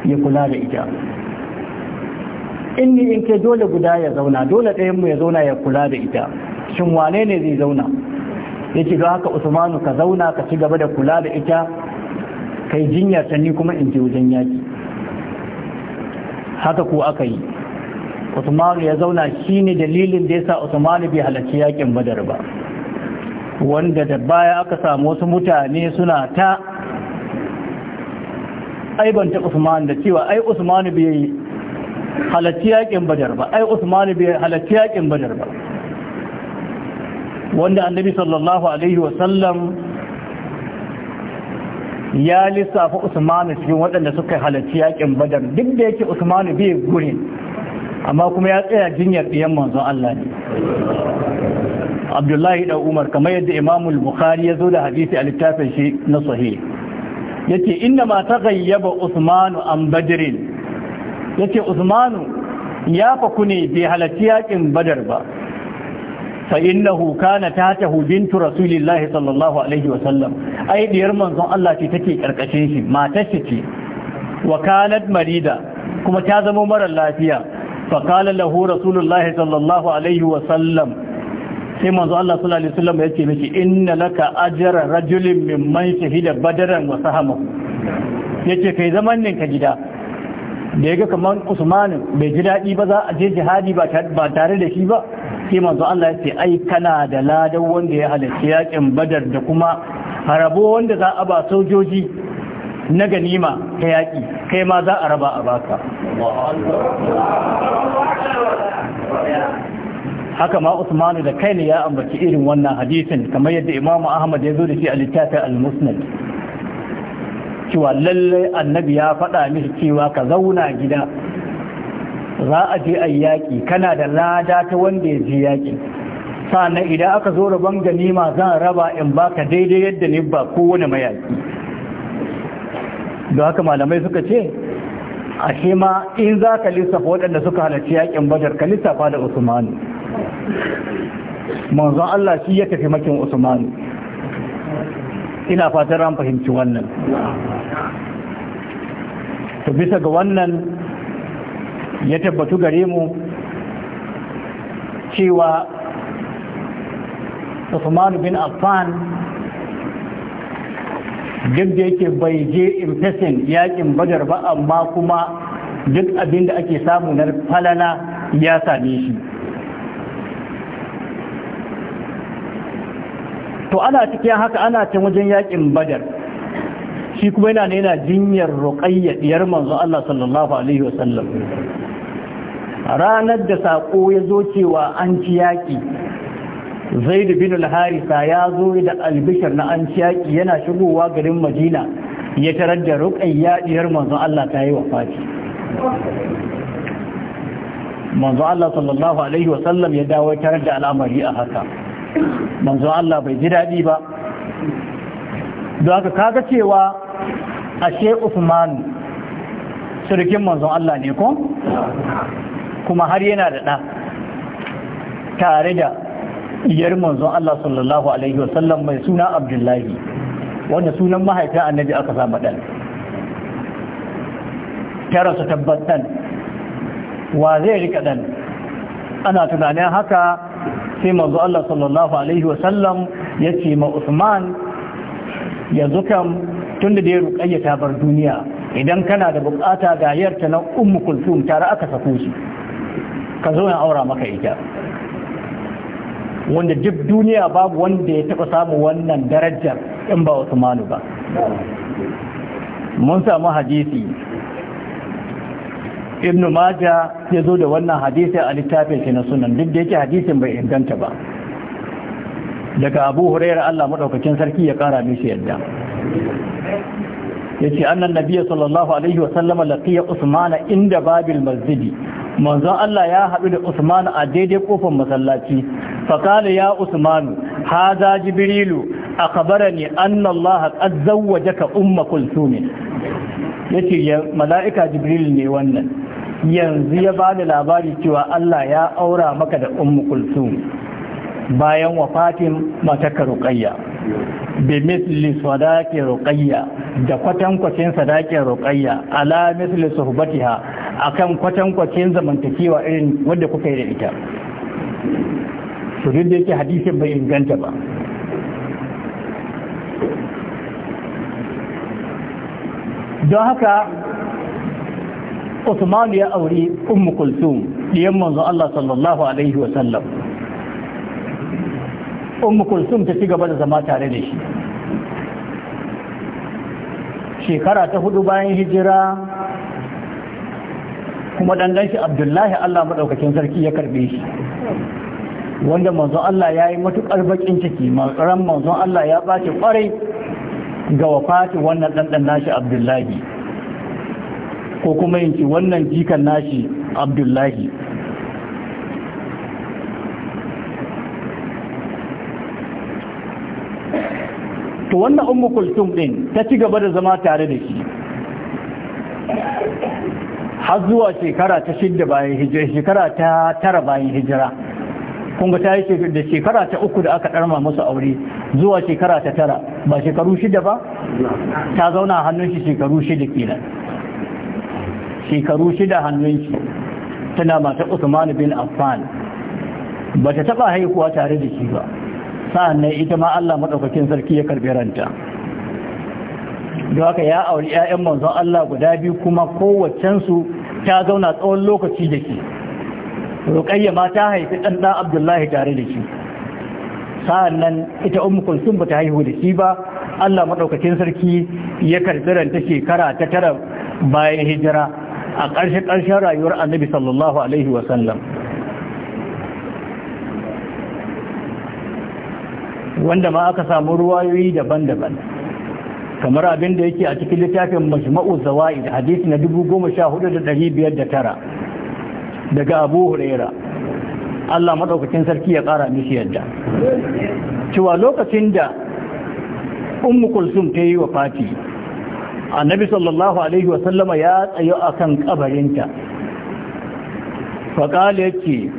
[SPEAKER 1] ya kula da ita in ni in ke dole guda ya zauna dole ɗayan mu ya zauna ya kula da ita shin wane ne zai zauna Ya don haka usmanu ka zauna ka ci gaba da kula da ita kai jinya ta kuma in je wajen yaki haka ko aka yi usmanu ya zauna shi ne dalilin da ya sa usmanu bai halarci yakin badar ba wanda da baya aka samu wasu mutane suna ta aibanta Usmanu da cewa ai Usman bai halatti yakin badar ba ai usman bai halatti yakin badar ba wanda annabi sallallahu alaihi wasallam ya lissafa usman cikin waɗanda suka halarci yakin badar duk da yake usman bai gure amma kuma ya tsaya jinyar diyan manzon Allah ne abdullahi da umar kamar yadda imamul bukhari ya zo da hadisi a littafin shi na sahih yace inda ma ta gayyaba usmanu an badrin yace usmanu ya faku ne bai halarci yakin badar ba fa innahu kana tatahu bintu rasulillahi sallallahu alaihi wa sallam ai diyar manzon Allah ce take karkashin shi matar shi ce wa kanat marida kuma ta zama mara lafiya fa qala lahu rasulullahi sallallahu alaihi wa sallam sai manzo Allah sallallahu alaihi wa sallam ce miki inna laka ajra rajulin mimman shahida badaran wa sahama yace kai zaman ninka gida da ya ga kamar usmanin bai ji daɗi ba za a je jihadi ba tare da shi ba sai manzo Allah ya ce ai kana da ladan wanda ya halarci yakin badar da kuma harabo wanda za a ba sojoji na ganima ta yaƙi kai ma za a raba a baka haka ma usmanu da kai ne ya ambaci irin wannan hadisin kamar yadda imamu ahmad ya zo da shi a littafin al-musnad cewa lallai annabi ya faɗa mishi cewa ka zauna gida za a je a yaƙi kana da lada ta wanda ya je yaƙi sannan idan aka zo rabon ganima zan raba in baka daidai yadda ne ba kowane mayaƙi da haka malamai suka ce a ma in za ka lissafa waɗanda suka halarci yaƙin badar ka lissafa da usmanu manzon Allah shi ya tafi makin usmanu ina fatan ran fahimci wannan to bisa ga wannan ya tabbatu gare mu cewa Usman bin Affan duk da yake bai je infesin yakin badar ba amma kuma duk abin da ake samu na falala ya same shi to ana cikin haka ana cin wajen yakin badar shi kuma yana ne yana jinyar ruqayya diyar manzo Allah sallallahu alaihi wasallam ranar da sako ya zo cewa an ci yaki zaid bin al-harisa ya zo da albishir na an ci yaki yana shigowa garin madina ya tarar da ruqayya diyar manzo Allah ta yi wafati manzo Allah sallallahu alaihi wasallam ya dawo tarar da al'amari a haka manzo Allah bai ji dadi ba don haka kaga cewa ashe Uthman surikin manzon Allah ne ko kuma har yana da ɗa tare da iyar manzon Allah sallallahu alaihi wasallam mai suna Abdullahi wanda sunan mahaifin annabi aka sa dan tara su tabbatan wa zai rika dan ana tunanin haka sai manzo Allah sallallahu alaihi wasallam ya ce ma Usman yanzu kam tun da ya ruƙayya ta bar duniya idan kana da buƙata ga yarta na ummu kulsum tare aka sako su ka zo ya aura maka ita wanda duk duniya babu wanda ya taɓa samu wannan darajar in ba Usmanu ba mun samu hadisi ibnu maja ya zo da wannan hadisi a littafin shi na sunan duk da yake hadisin bai inganta ba daga abu hurairar Allah maɗaukakin sarki ya ƙara mishi yadda ya ce annan nabiya sallallahu alaihi wasallama laƙiya usmana inda babil masjidi manzon Allah ya haɗu da usman a daidai kofar masallaci faƙala ya usmanu haza jibrilu a kabara ne an Allah ka umma kulsumin ya ce mala'ika jibril ne wannan yanzu ya ba da labari cewa Allah ya aura maka da umma kulsumin bayan wafatin matakar Rukayya, bi misli sadaqi Rukayya, da kwatankwacin sadaqin Rukayya, ala misli suhbatiha akan kwatankwacin zamantakewa irin wanda kuka yi da ita to da yake hadisin bai inganta ba don haka usmanu ya aure Ummu Kulsum diyan manzo Allah sallallahu alaihi wa ummu kulsum ta ci gaba da zama tare da shi shekara ta hudu bayan hijira kuma dandan shi abdullahi allah maɗaukacin sarki ya karɓe shi wanda manzon allah ya yi matuƙar baƙin ciki ran manzon allah ya ɓace ƙwarai ga wafati wannan ɗanɗan nashi abdullahi ko kuma yanki wannan jikan nashi abdullahi to wannan ummu kultum din ta ci gaba da zama tare da shi har zuwa shekara ta shidda bayan hijira shekara ta tara bayan hijira kun ga ta yi da shekara ta uku da aka ɗarma musu aure zuwa shekara ta tara ba shekaru shida ba ta zauna hannun shi shekaru shida kenan shekaru shida hannun shi tana mata Usman bin Affan ba ta taɓa haihuwa tare da shi ba sa'an ita ma Allah maɗaukakin sarki ya karɓi ranta da haka ya auri 'ya'yan manzon Allah guda biyu kuma kowacensu ta zauna tsawon lokaci da ke roƙayya ma ta haifi ɗan ɗan Abdullahi tare da shi sa'an nan ita ummu kulsum ba ta haihu da shi ba Allah maɗaukakin sarki ya karɓi ranta shekara ta tara bayan hijira a ƙarshen ƙarshen rayuwar annabi sallallahu alaihi wasallam wanda ma aka samu ruwayoyi daban-daban kamar abin da yake a cikin littafin majma'u zawa'id hadisi na 14509 daga abu huraira Allah madaukakin sarki ya ƙara mishi yadda cewa lokacin da ummu kulsum ta yi wa fati annabi sallallahu alaihi wasallama ya tsayo akan kabarinta faƙala yake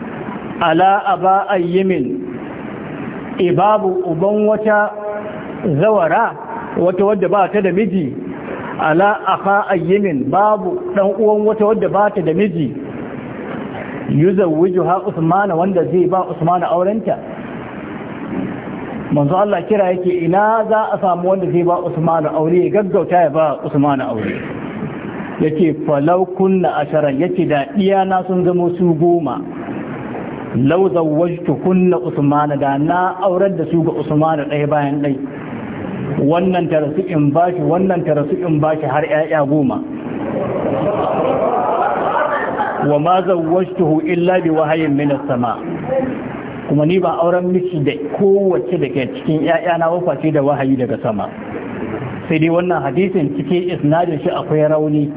[SPEAKER 1] ala aba ayyimin E babu uban wata zawara wata wadda ba ta da miji ala aka ayyimin babu dan uwan wata wadda ba ta da miji yuzawwiju ha usmana wanda zai ba usmana aurenta manzo Allah kira yake ina za a samu wanda zai ba usmana aure gaggauta ya ba usmana aure yake falau kunna asharan yake da iyana sun zama su goma lau zawwajtu kunna Usman da na aurar da su ga Usman ɗaya bayan ɗai wannan ta rasu in bashi wannan in bashi har ƴaƴa goma wa ma zawajtuhu illa bi wahayin min as-sama kuma ni ba auren miki da kowace da ke cikin ƴaƴa na wafaci da wahayi daga sama sai dai wannan hadisin cikin isnadin shi akwai rauni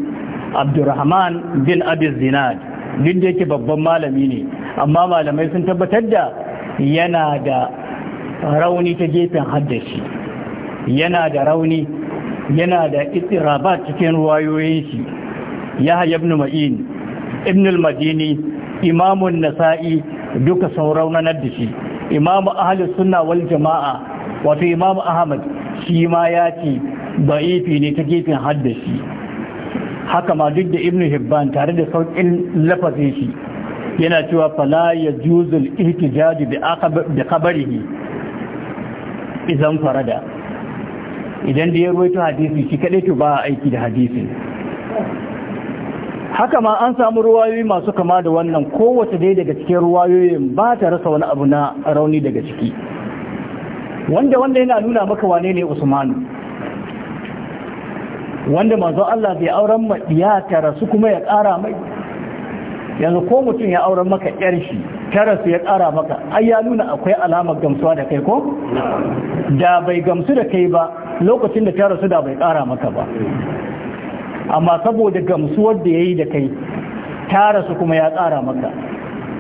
[SPEAKER 1] Abdurrahman bin Abi Zinad duk da yake babban malami ne amma malamai sun tabbatar da yana da rauni ta gefen haddashi yana da rauni yana da istirabat cikin ruwayoyin shi yahya ibn ma'in ibn al-madini imamun nasa'i duka sauraunanar da shi imamu ahlus sunna wal jama'a wato Imam ahmad shi ma ya ce ba'ifi ne ta gefen haddashi haka ma duk da ibn hibban tare da saukin lafazin shi yana cewa fala ya juzul ihtijaj bi qabrihi idan farada idan da ya ruwaito hadisi shi kadai to ba aiki da hadisi haka ma an samu ruwayoyi masu kama da wannan kowace dai daga cikin ruwayoyin ba ta rasa wani abu na rauni daga ciki wanda wanda yana nuna maka wane ne usmanu wanda manzo Allah zai auren ma ya tara su kuma ya ƙara mai yanzu ko mutum ya auren maka yar shi tara su ya kara maka ai ya nuna akwai alamar gamsuwa da kai ko da bai gamsu da kai ba lokacin da tara su da bai kara maka ba amma saboda gamsuwar da yayi da kai tara su kuma ya ƙara maka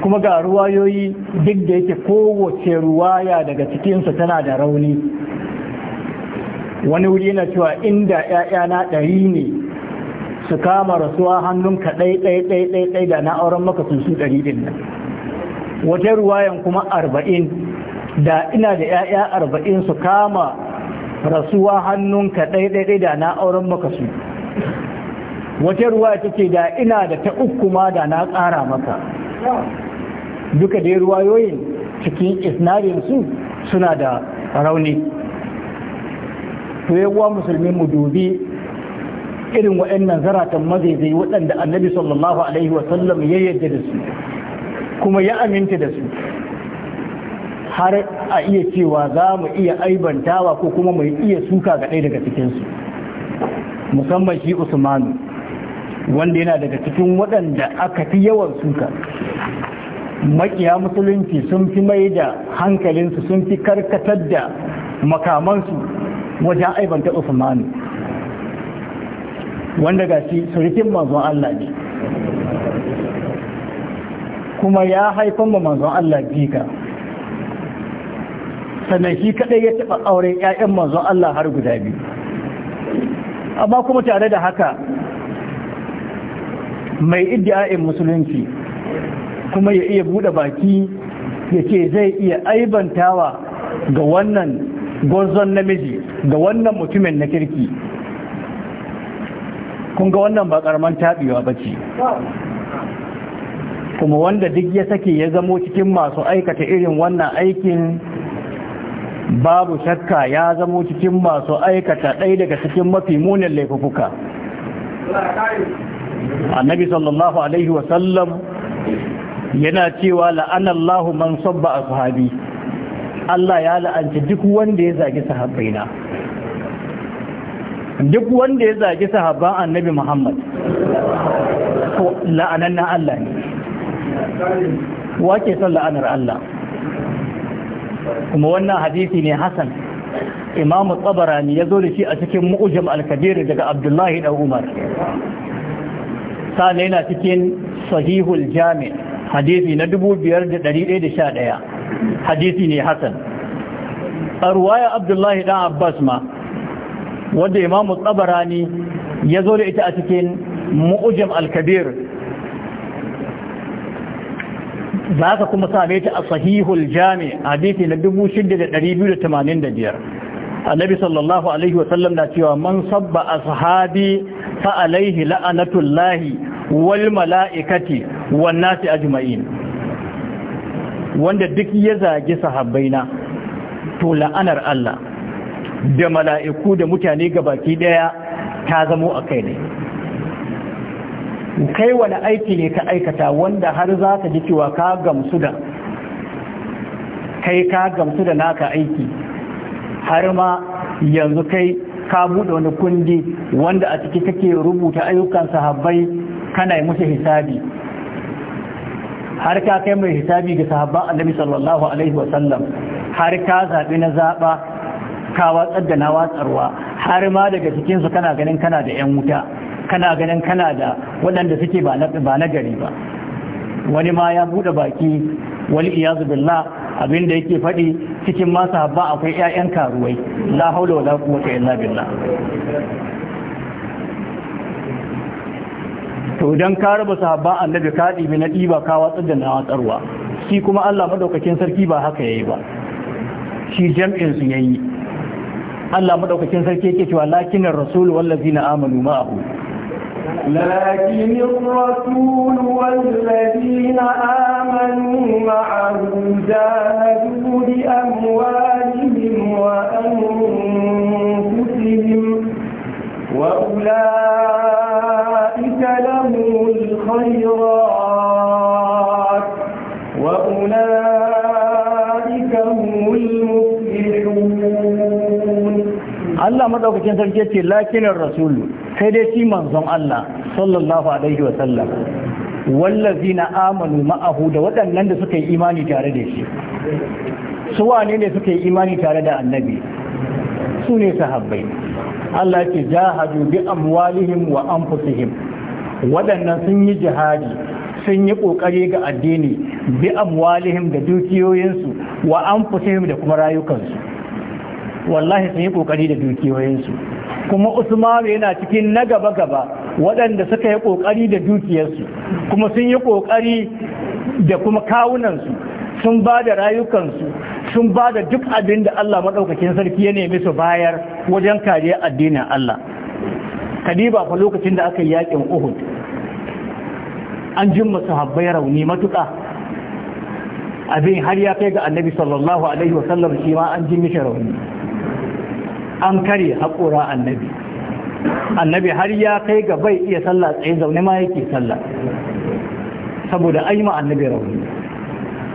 [SPEAKER 1] kuma ga ruwayoyi duk da yake kowace ruwaya daga cikinsu tana da rauni wani wuri yana cewa inda ‘ya'yana ɗari ne su kama rasuwa hannunka ɗai ɗai ɗai ɗai ɗai da na auren maka sun su ɗari ɗin nan wata ruwayan kuma arba'in da ina da ‘ya'ya arba'in su kama rasuwa hannunka ɗai ɗai ɗai da na auren maka sun wata ruwaya ta ce da ina da ta uku ma da na ƙara maka duka dai ruwayoyin cikin isnarinsu su suna da rauni to wa musulmi mu dubi irin waɗannan zaratan mazaizai waɗanda annabi sallallahu alaihi wasallam ya yadda da su kuma ya aminta da su har a iya cewa za mu iya aibantawa ko kuma mai iya suka ga ɗaya daga cikinsu musamman shi usmanu wanda yana daga cikin waɗanda aka fi yawan suka makiya musulunci sun fi mai da hankalinsu sun fi karkatar da makamansu wajen aibanta usmanu wanda ga shi surikin manzon Allah ne kuma ya haifan ma manzon Allah jika sannan shi kadai ya taɓa aure 'ya'yan manzon Allah har guda biyu amma kuma tare da haka mai iddia'in musulunci kuma ya iya buɗe baki ya ce zai iya aibantawa ga wannan gonzon namiji ga wannan mutumin na kirki kun ga wannan ba karaman taɓiwa ba ce kuma wanda duk ya sake ya zamo cikin masu aikata irin wannan aikin babu shakka ya zamo cikin masu aikata ɗaya daga cikin mafi munin laifuka annabi sallallahu alaihi wasallam yana cewa la'anallahu man sabba a ashabi Allah ya la'anci duk wanda ya zagi sahabbaina duk wanda ya zagi sahabban annabi Muhammad to la'anan na Allah ne ke son la'anar Allah kuma wannan hadisi ne Hassan imamu tsabarani ya zo da shi a cikin Mu'jam al-kabir daga abdullahi ibn umar sa yana cikin sahihul jami hadisi na 5111 hadisi ne hasan a abdullahi dan abbas ma wanda imamu tsabarani ya zo da ita a cikin mu'ujam al-kabir za ka kuma same ta a sahihul jami hadisi na 6285 annabi sallallahu alaihi wasallam na cewa man sabba ashabi fa alaihi la'anatullahi wal mala'ikati wan nasi ajma'in wanda duk ya zage na, to la'anar Allah da mala'iku da mutane baki daya ta zamo a kai ne kai wani aiki ne ka aikata wanda har za ka ji cewa ka gamsu da kai ka gamsu da naka aiki har ma yanzu kai ka buɗe wani kundi wanda a ciki kake rubuta ayyukan sahabbai kana yi musu hisabi har ka kai mai hisabi ga sahabban annabi sallallahu alaihi wasallam har ka zaɓi na zaɓa ka watsar da na watsarwa har ma daga cikinsu kana ganin kana da 'yan wuta kana ganin kana da waɗanda suke ba na gari ba wani ma ya buɗe baki wani iyazu billah abin da yake faɗi cikin masu habba akwai 'ya'yan karuwai la haula wala quwwata illa billah to idan ka raba sahabban annabi ka ɗibi na diba ka watsar da na watsarwa shi kuma Allah madaukakin sarki ba haka yayi ba shi jam'in su yayi Allah madaukakin sarki yake cewa lakinar rasul wallazina amanu ma'ahu
[SPEAKER 3] لكن الرسول والذين آمنوا معه جاهدوا بأموالهم وأنفسهم وأولئك Allah الخيرات وأولئك هم المفلحون
[SPEAKER 1] الله sai dai رجيتي لكن الرسول سيدتي منظم الله صلى الله عليه وسلم والذين آمنوا معه da waɗannan da suka yi imani tare da shi su wane ne suka yi imani tare da annabi su ne sahabbai Allah ke jahadu bi amwalihim wa anfusihim waɗannan sun yi jihadi sun yi ƙoƙari ga addini bi amwalihim da dukiyoyinsu wa anfusihim da kuma rayukansu wallahi sun yi ƙoƙari da dukiyoyinsu kuma usmanu yana cikin na gaba gaba waɗanda suka yi ƙoƙari da dukiyarsu kuma sun yi ƙoƙari da kuma kawunansu sun ba da rayukansu sun ba da duk abin da Allah maɗaukakin sarki ya nemi su bayar wajen kariyar addinin Allah kadiba fa lokacin da aka yi yakin uhud an jin masu habbai rauni matuƙa abin har ya kai ga annabi sallallahu alaihi wasallam shi ma an jin mishi rauni an kare haƙora annabi annabi har ya kai ga bai iya sallah tsaye zaune ma yake sallah saboda an yi ma annabi rauni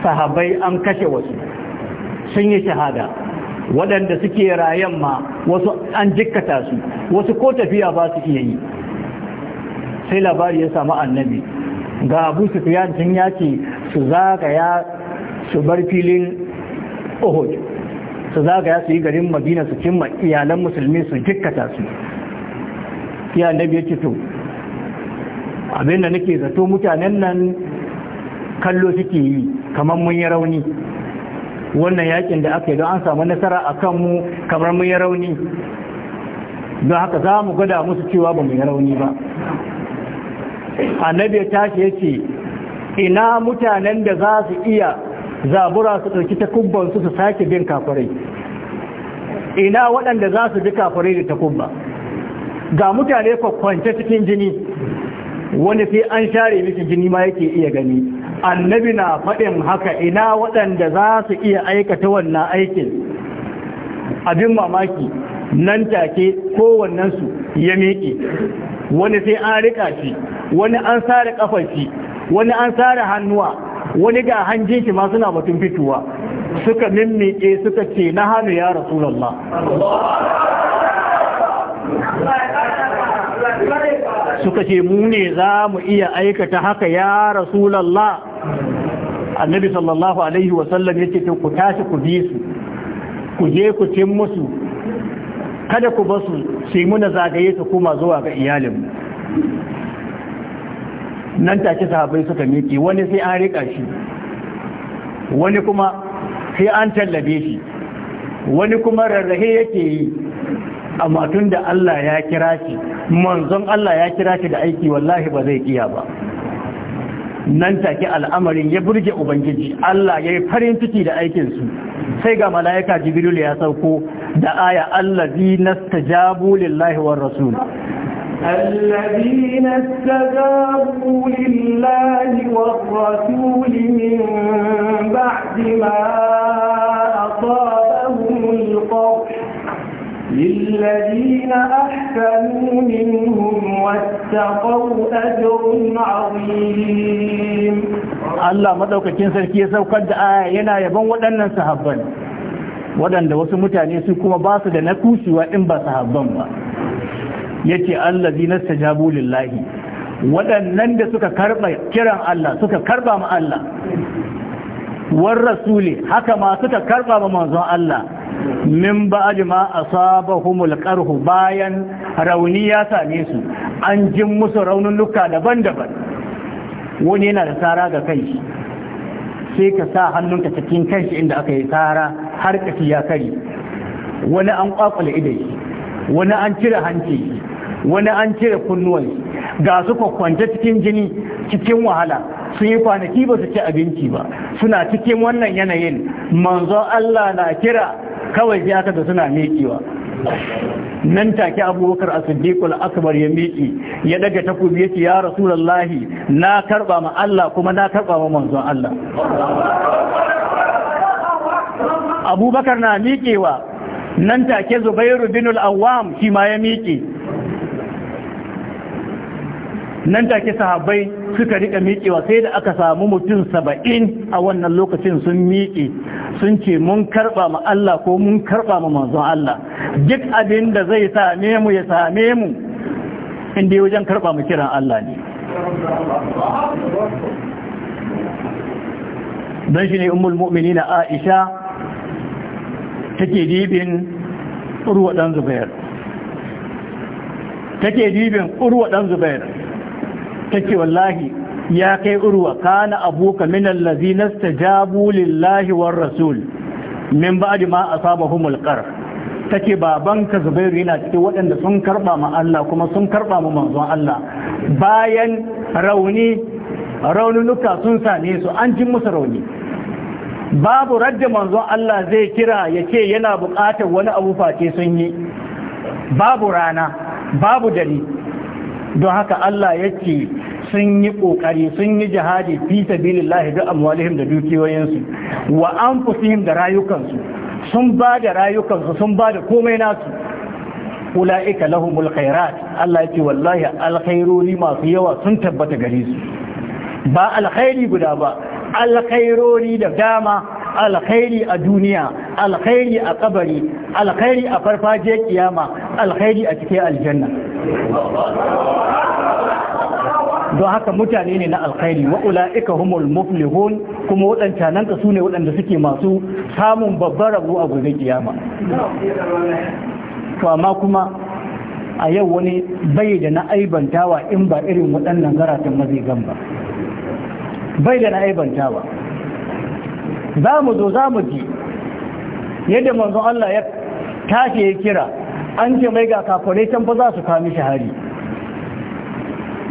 [SPEAKER 1] sahabai an kashe wasu sun yi shahada waɗanda suke rayan ma wasu an jikkata su wasu ko tafiya ba su iya yi sai labari ya samu annabi ga abu su fiya tun ya ce su zagaya su bar filin ohud su zagaya su yi garin madina su cimma iyalan musulmi su jikkata su ya annabi ya ce abinda nake zato mutanen nan kallo suke yi kamar mun yi rauni wannan yakin da aka yi don an samu nasara a kanmu kamar mun yi rauni don haka za mu gwada musu cewa ba mu yi rauni ba annabi ya tashi ya ce ina mutanen da za su iya zabura su ɗauki takubbansu su sake bin kafirai ina waɗanda za su bi kafirai da takubba ga mutane kwakwance cikin jini wani sai an share mishi jini ma yake iya gani annabi na faɗin haka ina waɗanda za su iya aikata wannan aikin abin mamaki nan take kowannensu ya miƙe wani sai an riƙa shi wani an sare ƙafar shi wani an sare hannuwa wani ga hanjin shi ma suna batun fitowa suka mimmiƙe suka ce na hannu ya lalla. suka ce mu ne za mu iya aikata haka ya rasulallah annabi sallallahu alaihi wasallam ya ce ku tashi ku bi su ku je ku cin musu kada ku basu su yi muna zagaye su kuma zuwa ga iyalinmu nan take sahabbai suka miki wani sai an rika shi wani kuma sai an tallabe shi wani kuma rarrahe yake yi amma tun da Allah ya kira shi manzon Allah ya kira shi da aiki wallahi ba zai kiya ba nan take al'amarin ya burge ubangiji Allah ya yi farin ciki da aikin su sai ga mala'ika jibril ya sauko da aya allazi nastajabu lillahi war rasul
[SPEAKER 3] الذين lillahi war rasul min بعد ma للذين أحسنوا منهم واتقوا أجر عظيم
[SPEAKER 1] الله madaukakin sarki ya saukar da aya yana yaban waɗannan sahabban waɗanda wasu mutane su kuma ba su da na kushewa in ba sahabban ba yace allazi nastajabu lillahi waɗannan da suka karɓa kiran Allah suka karɓa ma Allah war rasuli haka ma suka karɓa ma manzon Allah min ba saba humul karhu bayan rauni ya same su an jin musu raununuka daban-daban wani yana da tsara ga kai sai ka sa hannunka cikin kanshi inda aka yi tsara har kashi ya kari wani an kwakwale idai wani an cire hanci wani an cire kunnuwan ga su kwakwanta cikin jini cikin wahala sun yi kwanaki ba su ci abinci ba suna cikin wannan yanayin manzo Allah na kira kawai sai aka da suna miƙewa nan take abubakar as-siddiqul akbar ya miƙe ya daga takobi yace ya rasulullahi na karba ma Allah kuma na karba ma manzon Allah abubakar na miƙewa nan take zubairu bin al-awwam shi ma ya miƙe nan take sahabbai suka rika miƙewa sai da aka samu mutum saba'in a wannan lokacin sun miƙe sun ce mun karɓa ma Allah ko mun karɓa ma manzon Allah duk abin da zai same mu ya same mu inda ya wajen karɓa mu kiran Allah ne don shi ne umul mu'mini na aisha take dibin urwa ɗan zubair take dibin urwa ɗan zubair take wallahi ya kai urwa kana abuka min allazina stajabu lillahi war rasul min ba'di ma humulkar. alqar take babanka zubairu yana cikin waɗanda sun karba ma Allah kuma sun karba ma manzon Allah bayan rauni raununuka sun same su an jin musu rauni babu radda manzon Allah zai kira ya ce yana buƙatar wani abu face sun yi babu rana babu dare don haka Allah ya ce sun yi ƙoƙari sun yi jihadi fi sabilillahi da amwalihim da dukiyoyinsu wa anfusihim da rayukansu sun ba da rayukansu sun ba da komai nasu ula'ika lahumul khairat Allah yake wallahi alkhairori masu yawa sun tabbata gare su ba alkhairi guda ba alkhairori da dama alkhairi a duniya alkhairi a kabari alkhairi a farfajiyar kiyama alkhairi a cikin aljanna don haka mutane ne na alkhairi wa ula'ika humul muflihun kuma waɗanta nan su ne waɗanda suke masu samun babbar rabu a gobe kiyama to amma kuma a yau wani bai da na aibantawa in ba irin waɗannan garatun mazigan ba bai da na aibantawa za mu zo za mu ji yadda manzon Allah ya tafi ya kira an ce mai ga kafare can fa za su kami shahari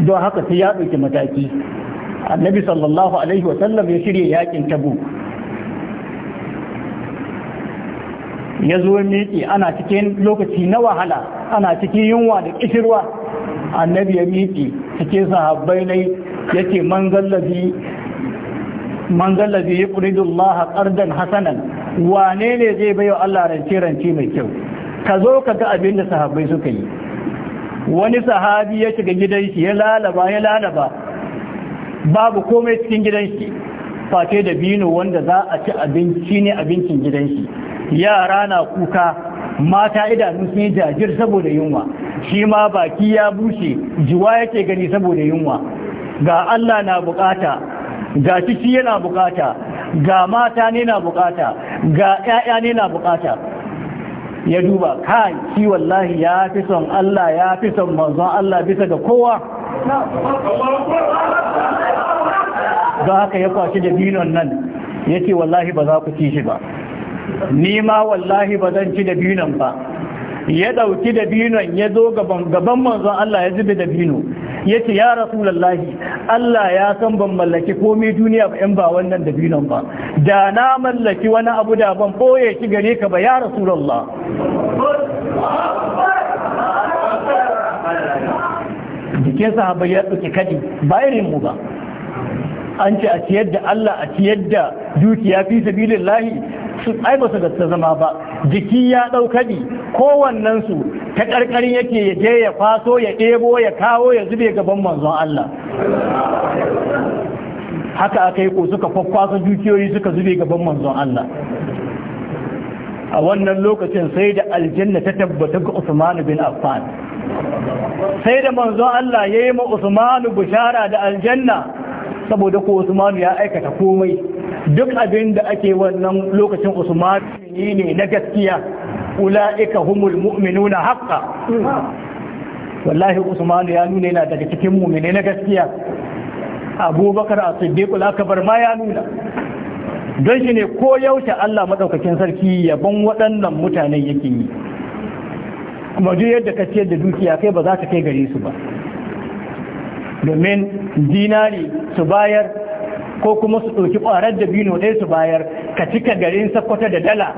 [SPEAKER 1] don haka sai ya ɗauki mataki annabi sallallahu alaihi wasallam ya shirya yakin tabu ya zo miƙi ana cikin lokaci na wahala ana cikin yunwa da ƙishirwa annabi ya miƙi cikin sahabbai ne ya ce zallabi ya ƙuridun maha ƙardan hasanan wane ne zai bayo Allah rance rance mai kyau ka zo ka ga abin da sahabbai suka yi wani sahabi ya shiga gidan shi ya lalaba ya lalaba babu komai cikin gidan shi face da bino wanda za a ci abinci ne abincin gidan shi yara na kuka mata idanu sun yi jajir saboda yunwa shi ma baki ya bushe jiwa yake gani saboda yunwa ga Allah na bukata ga ciki yana bukata ga mata ne na bukata ga 'ya'ya ne na bukata ya duba kai shi wallahi ya fi son Allah ya fi son manzon Allah bisa ga kowa
[SPEAKER 2] don haka ya kwashi da binon
[SPEAKER 1] nan ya ce wallahi ba za ku ci shi ba ni ma wallahi ba zan ci da binon ba ya ɗauki da binon ya zo gaban manzon Allah ya zube da binon ya ce ya rasulallahi Allah ya san ban mallaki komai duniya ba in ba wannan da dabinon ba da na mallaki wani abu da ban boye shi gare ka ba ya rasulallah jikin sahabai ya ɗauki kadi bayarin mu ba an ce a ciyar da Allah a ciyar da dukiya fi sabilin lahi su ai ba su gasta zama ba jiki ya ɗauka kowannen su ta ƙarƙarin yake ya je ya faso ya ɗebo ya kawo ya zube gaban manzon Allah haka aka yi ko suka kwakwasa dukiyoyi suka zube gaban manzon Allah a wannan lokacin sai da aljanna ta tabbata ga Usman bin Affan sai da manzon Allah ya yi ma Usman bushara da aljanna saboda ko Usman ya aikata komai duk abin da ake wannan lokacin Usman ne na gaskiya ula'ika humul mu'minuna haqqa wallahi Usman ya nuna yana daga cikin muminai na gaskiya Abubakar As-Siddiq al-Akbar ma ya nuna don shi ne ko yaushe Allah madaukakin sarki yabon waɗannan mutanen yake yi kuma duk yadda ka ciyar da dukiya kai ba za ta kai gare su ba domin dinari su bayar ko kuma su ɗauki ƙwarar da bino ɗaya su bayar ka cika garin sakkwata da dala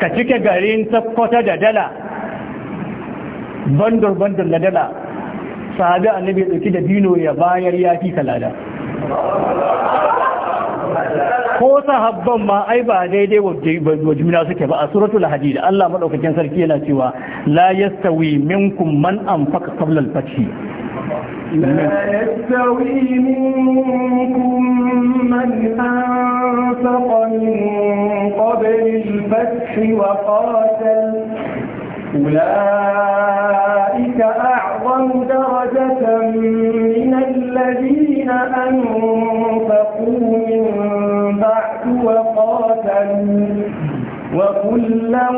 [SPEAKER 1] ka cika garin sakkwata da dala bandar-bandar da dala sahabi annabi ya ɗauki da bino ya bayar ya fi kalada ko sahabban ma ai ba daidai wa jumla suke ba a suratu Lahadi da Allah madaukakin sarki yana cewa la yastawi minkum man anfaqa qabla al-fath لا
[SPEAKER 3] يستوي منكم من أنفق من قبل الفتح وقاتل أولئك أعظم درجة من الذين أنفقوا من بعد وقاتلوا وكلا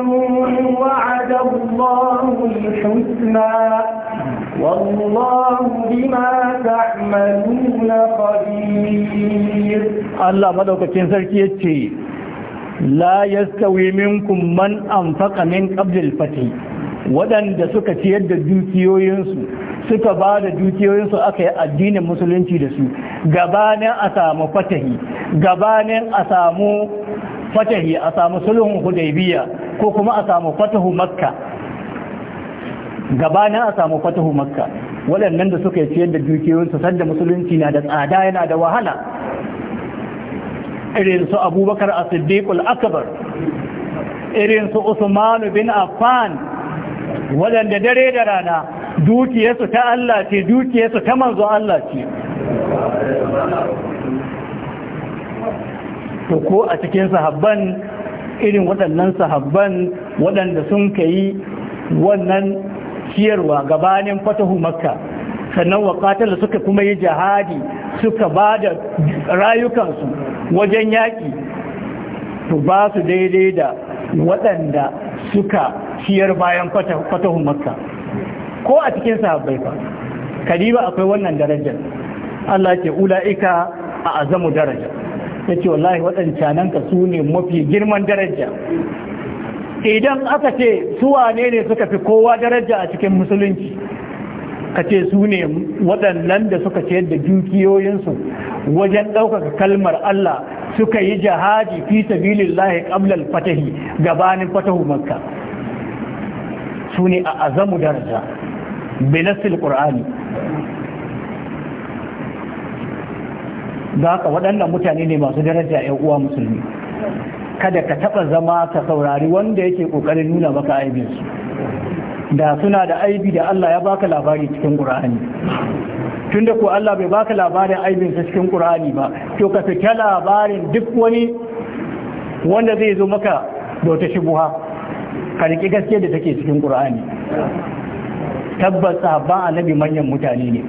[SPEAKER 3] وعد الله الحسنى allah
[SPEAKER 1] madaukakin sarki ya ce, La ya sauye لا يستوي منكم من أنفق min قبل Fati, waɗanda suka ciyar da dukiyoyinsu suka ba da dukiyoyinsu aka yi addinin musulunci da su gabanin a samu fatahi gabanin a samu fatahi a samu sulhun Hudaibiyya, ko kuma a samu fatahu makka gabanin a samu fatahu makka waɗannan da suka yi ciyar da dukiyoyinsu sanda musulunci na da tsada yana da wahala irin su abubakar a siddiqul akbar irin su usman bin affan waɗanda dare da rana dukiyarsu ta Allah ce dukiyarsu ta manzo Allah ce to ko a cikin sahabban irin waɗannan sahabban waɗanda sun kai wannan ciyarwa gabanin fatahu makka sannan wakatar suka kuma yi jihadi suka ba da rayukansu wajen yaƙi to ba su daidai da waɗanda suka ciyar bayan fatahu makka ko a cikin sahabbai ba akwai wannan darajar Allah ke ula'ika a azamu daraja ya ce wallahi waɗancanan ka su ne mafi girman daraja idan aka ce su wanene ne suka fi kowa daraja a cikin musulunci ka ce su ne waɗannan da suka ce da dukiyoyinsu wajen ɗaukaka kalmar Allah suka yi jihadi fi lahi qablal fatahi gabanin fatahu makka su ne a azamu daraja bilasil qur'ani da ka waɗannan mutane ne masu daraja 'yan uwa musulmi kada ka taɓa zama ka saurari wanda yake kokarin nuna maka aibinsu. su da suna da aibi da Allah ya baka labari cikin Qur'ani tunda ko Allah bai baka labarin aibin cikin Qur'ani ba to ka fita labarin duk wani wanda zai zo maka da wata shubuha ka riki gaskiya da take cikin Qur'ani tabbas sahabban annabi manyan mutane ne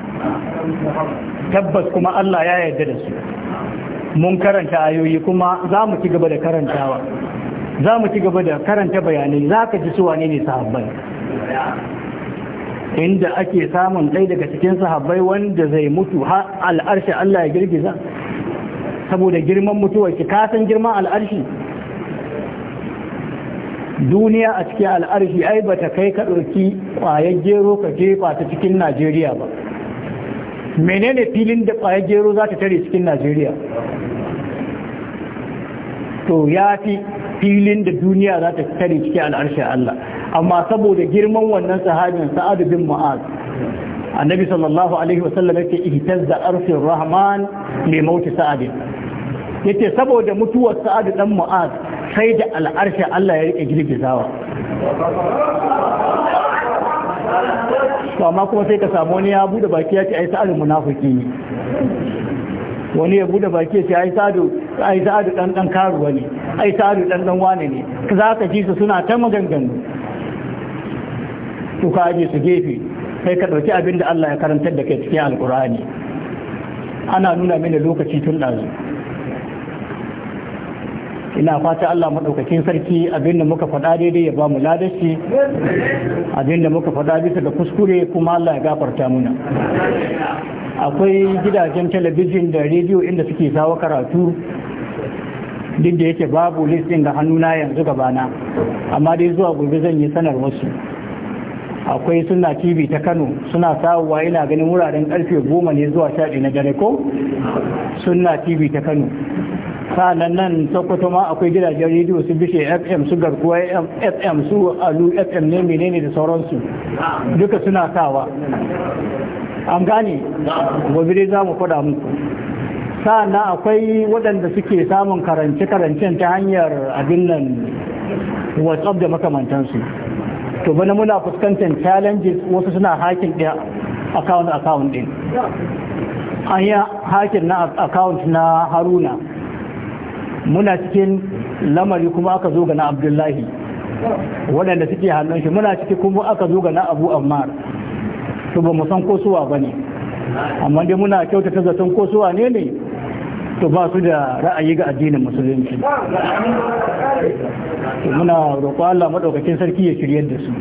[SPEAKER 1] tabbas kuma Allah ya yarda da su mun karanta ayoyi kuma za mu ci gaba da karantawa za mu ci gaba da karanta bayanai za ka ji suwa ne ne sahabbai inda ake samun ɗai daga cikin sahabbai wanda zai mutu har al'arshi Allah ya girgiza saboda girman mutuwar ki kasan girman al'arshi duniya a cikin al'arshi ai bata kai ka ɗauki ƙwayar gero ka jefa ta cikin najeriya ba menene filin da ƙwayar gero za ta tare cikin najeriya to ya fi filin da duniya za ta tare cikin al'arshe Allah amma saboda girman wannan sahabin sa'adu bin ma'az annabi sallallahu alaihi wasallam yake da arfin rahman mai mauti sa'adin yace saboda mutuwar sa'adu dan mu'az sai da al'arshe Allah ya rike girgizawa
[SPEAKER 2] to
[SPEAKER 1] amma kuma sai ka samu wani ya bude baki ya ce ai sa'adu munafiki ne wani ya bude baki ya ce ai sa'adu ai sa'adu dan dan karuwa ne ai sa'adu dan dan wani ne za ka ji su suna ta maganganu to ka aje su gefe sai ka dauki abin da Allah ya karantar da kai cikin alkur'ani ana nuna mini lokaci tun ɗazu ina fata Allah madaukakin sarki abinda muka faɗa daidai ya ba mu ladashi abinda muka faɗa bisa da kuskure kuma Allah ya gafarta muna akwai gidajen talabijin da rediyo inda suke sawa karatu duk da yake babu listin da hannuna yanzu gabana amma dai zuwa gobe zan yi sanar wasu akwai suna tv ta kano suna sawuwa ina ganin wuraren karfe goma ne zuwa shaɗi na dare ko suna tv ta kano sanan nan sokoto ma akwai gidajen rediyo su bishe fm su garkuwa fm su alu fm ne menene da sauransu duka suna sawa an gane gobe dai za mu faɗa muku sa'annan akwai waɗanda suke samun karance-karancen ta hanyar abin nan whatsapp da makamantansu to bana muna fuskantar challenges wasu suna hakin ɗaya account account ɗin an yi hakin na account na haruna muna cikin lamari kuma aka zo ga na abdullahi waɗanda suke hannun shi muna ciki kuma aka zo ga na abu ammar to ba mu san ba ne amma dai muna kyautata zaton kosuwa ne ne to ba su da ra'ayi ga addinin musulunci muna roƙo Allah madaukakin sarki ya shiryar da su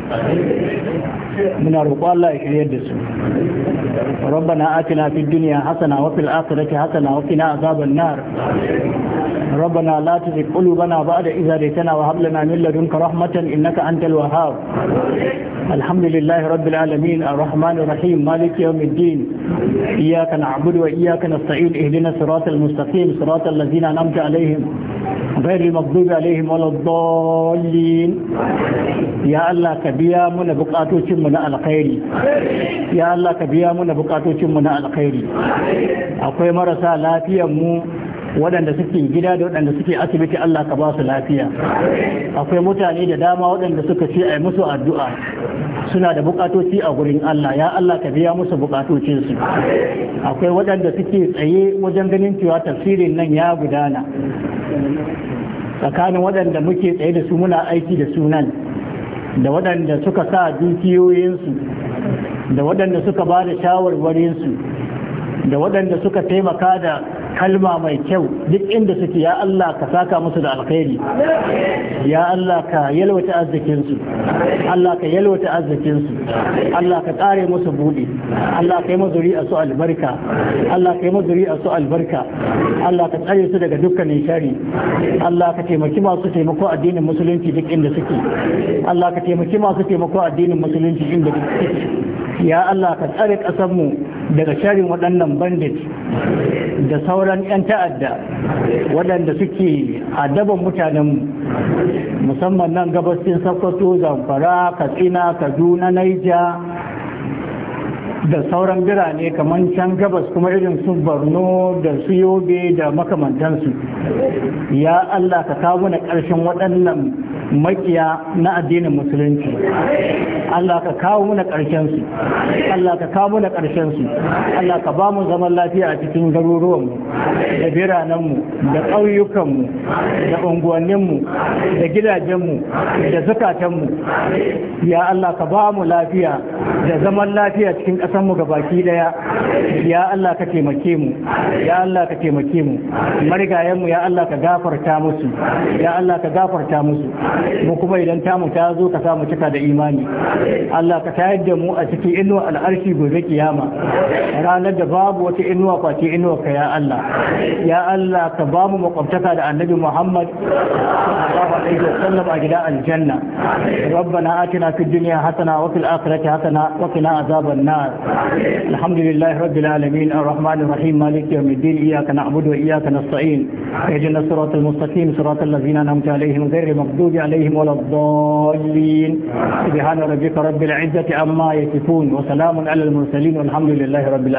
[SPEAKER 1] muna roƙo Allah ya shiryar da su rabbana atina fid dunya hasana wa fil akhirati hasana wa qina azaban nar ربنا لا تزغ قلوبنا بعد إذ هديتنا وهب لنا من لدنك رحمة إنك أنت الوهاب الحمد لله رب العالمين الرحمن الرحيم مالك يوم الدين إياك نعبد وإياك نستعين اهدنا الصراط المستقيم المستقيم صراط الذين أنعمت عليهم غير المغضوب عليهم ولا الضالين يا الله كبيا من بقاتوكم من الخير يا الله كبيا من بقاتوكم من الخير akwai marasa lafiyar mu waɗanda suke gida da waɗanda suke asibiti Allah ka ba su lafiya akwai mutane da dama waɗanda suka ce a musu addu'a suna da bukatoci a gurin Allah ya Allah ka biya musu bukatocinsu akwai waɗanda suke tsaye wajen ganin cewa tafsirin nan ya gudana tsakanin waɗanda muke tsaye da su muna aiki da sunan da waɗanda suka sa dukiyoyinsu da waɗanda suka ba da shawarwarinsu da waɗanda suka taimaka da kalma mai kyau duk inda suke ya Allah ka saka musu da alkhairi ya Allah ka yalwata arzikinsu Allah ka yalwata arzikinsu Allah ka tsare musu budi Allah ka yi mazuri a su albarka Allah ka yi mazuri a su albarka Allah ka tsare su daga dukkanin shari Allah ka taimaki masu taimako addinin musulunci duk inda suke Allah ka taimaki masu taimako addinin musulunci inda suke ya Allah ka tsare mu daga sharin waɗannan bandit da sauran 'yan ta'adda waɗanda suke addaban mutanenmu musamman nan gabashin sokoto zamfara katsina kaduna naija da sauran birane kamar can gabas kuma irin su borno da su yobe da makamantansu ya allah ka kawo na ƙarshen waɗannan makiya na addinin musulunci allah ka kawo na ƙarshensu allah ka kawo na ƙarshensu allah ka ba mu zaman lafiya a cikin garuruwanmu da biranenmu da ƙauyukanmu da unguwanninmu da gidajenmu da zukatanmu ya allah ka ba mu lafiya da zaman lafiya cikin ƙasar ƙasanmu ga baki ɗaya ya Allah ka taimake mu ya Allah ka taimake mu marigayenmu ya Allah ka gafarta musu ya Allah ka gafarta musu mu kuma idan tamu ta zo ka samu cika da imani Allah ka tayar da mu a cikin inuwa al'arshi gobe kiyama ranar da babu wata inuwa kwace inuwa ka ya Allah ya Allah ka ba mu makwabtaka da annabi Muhammad sallallahu
[SPEAKER 2] alaihi wasallam
[SPEAKER 1] a gida aljanna ربنا آتنا في الدنيا حسنة وفي الآخرة حسنة وقنا عذاب النار الحمد لله رب العالمين الرحمن الرحيم مالك يوم الدين إياك نعبد وإياك نستعين اهدنا الصراط المستقيم صراط الذين أنعمت عليهم غير المغضوب عليهم ولا الضالين سبحان ربك رب العزة عما يصفون وسلام على المرسلين
[SPEAKER 3] والحمد لله رب العالمين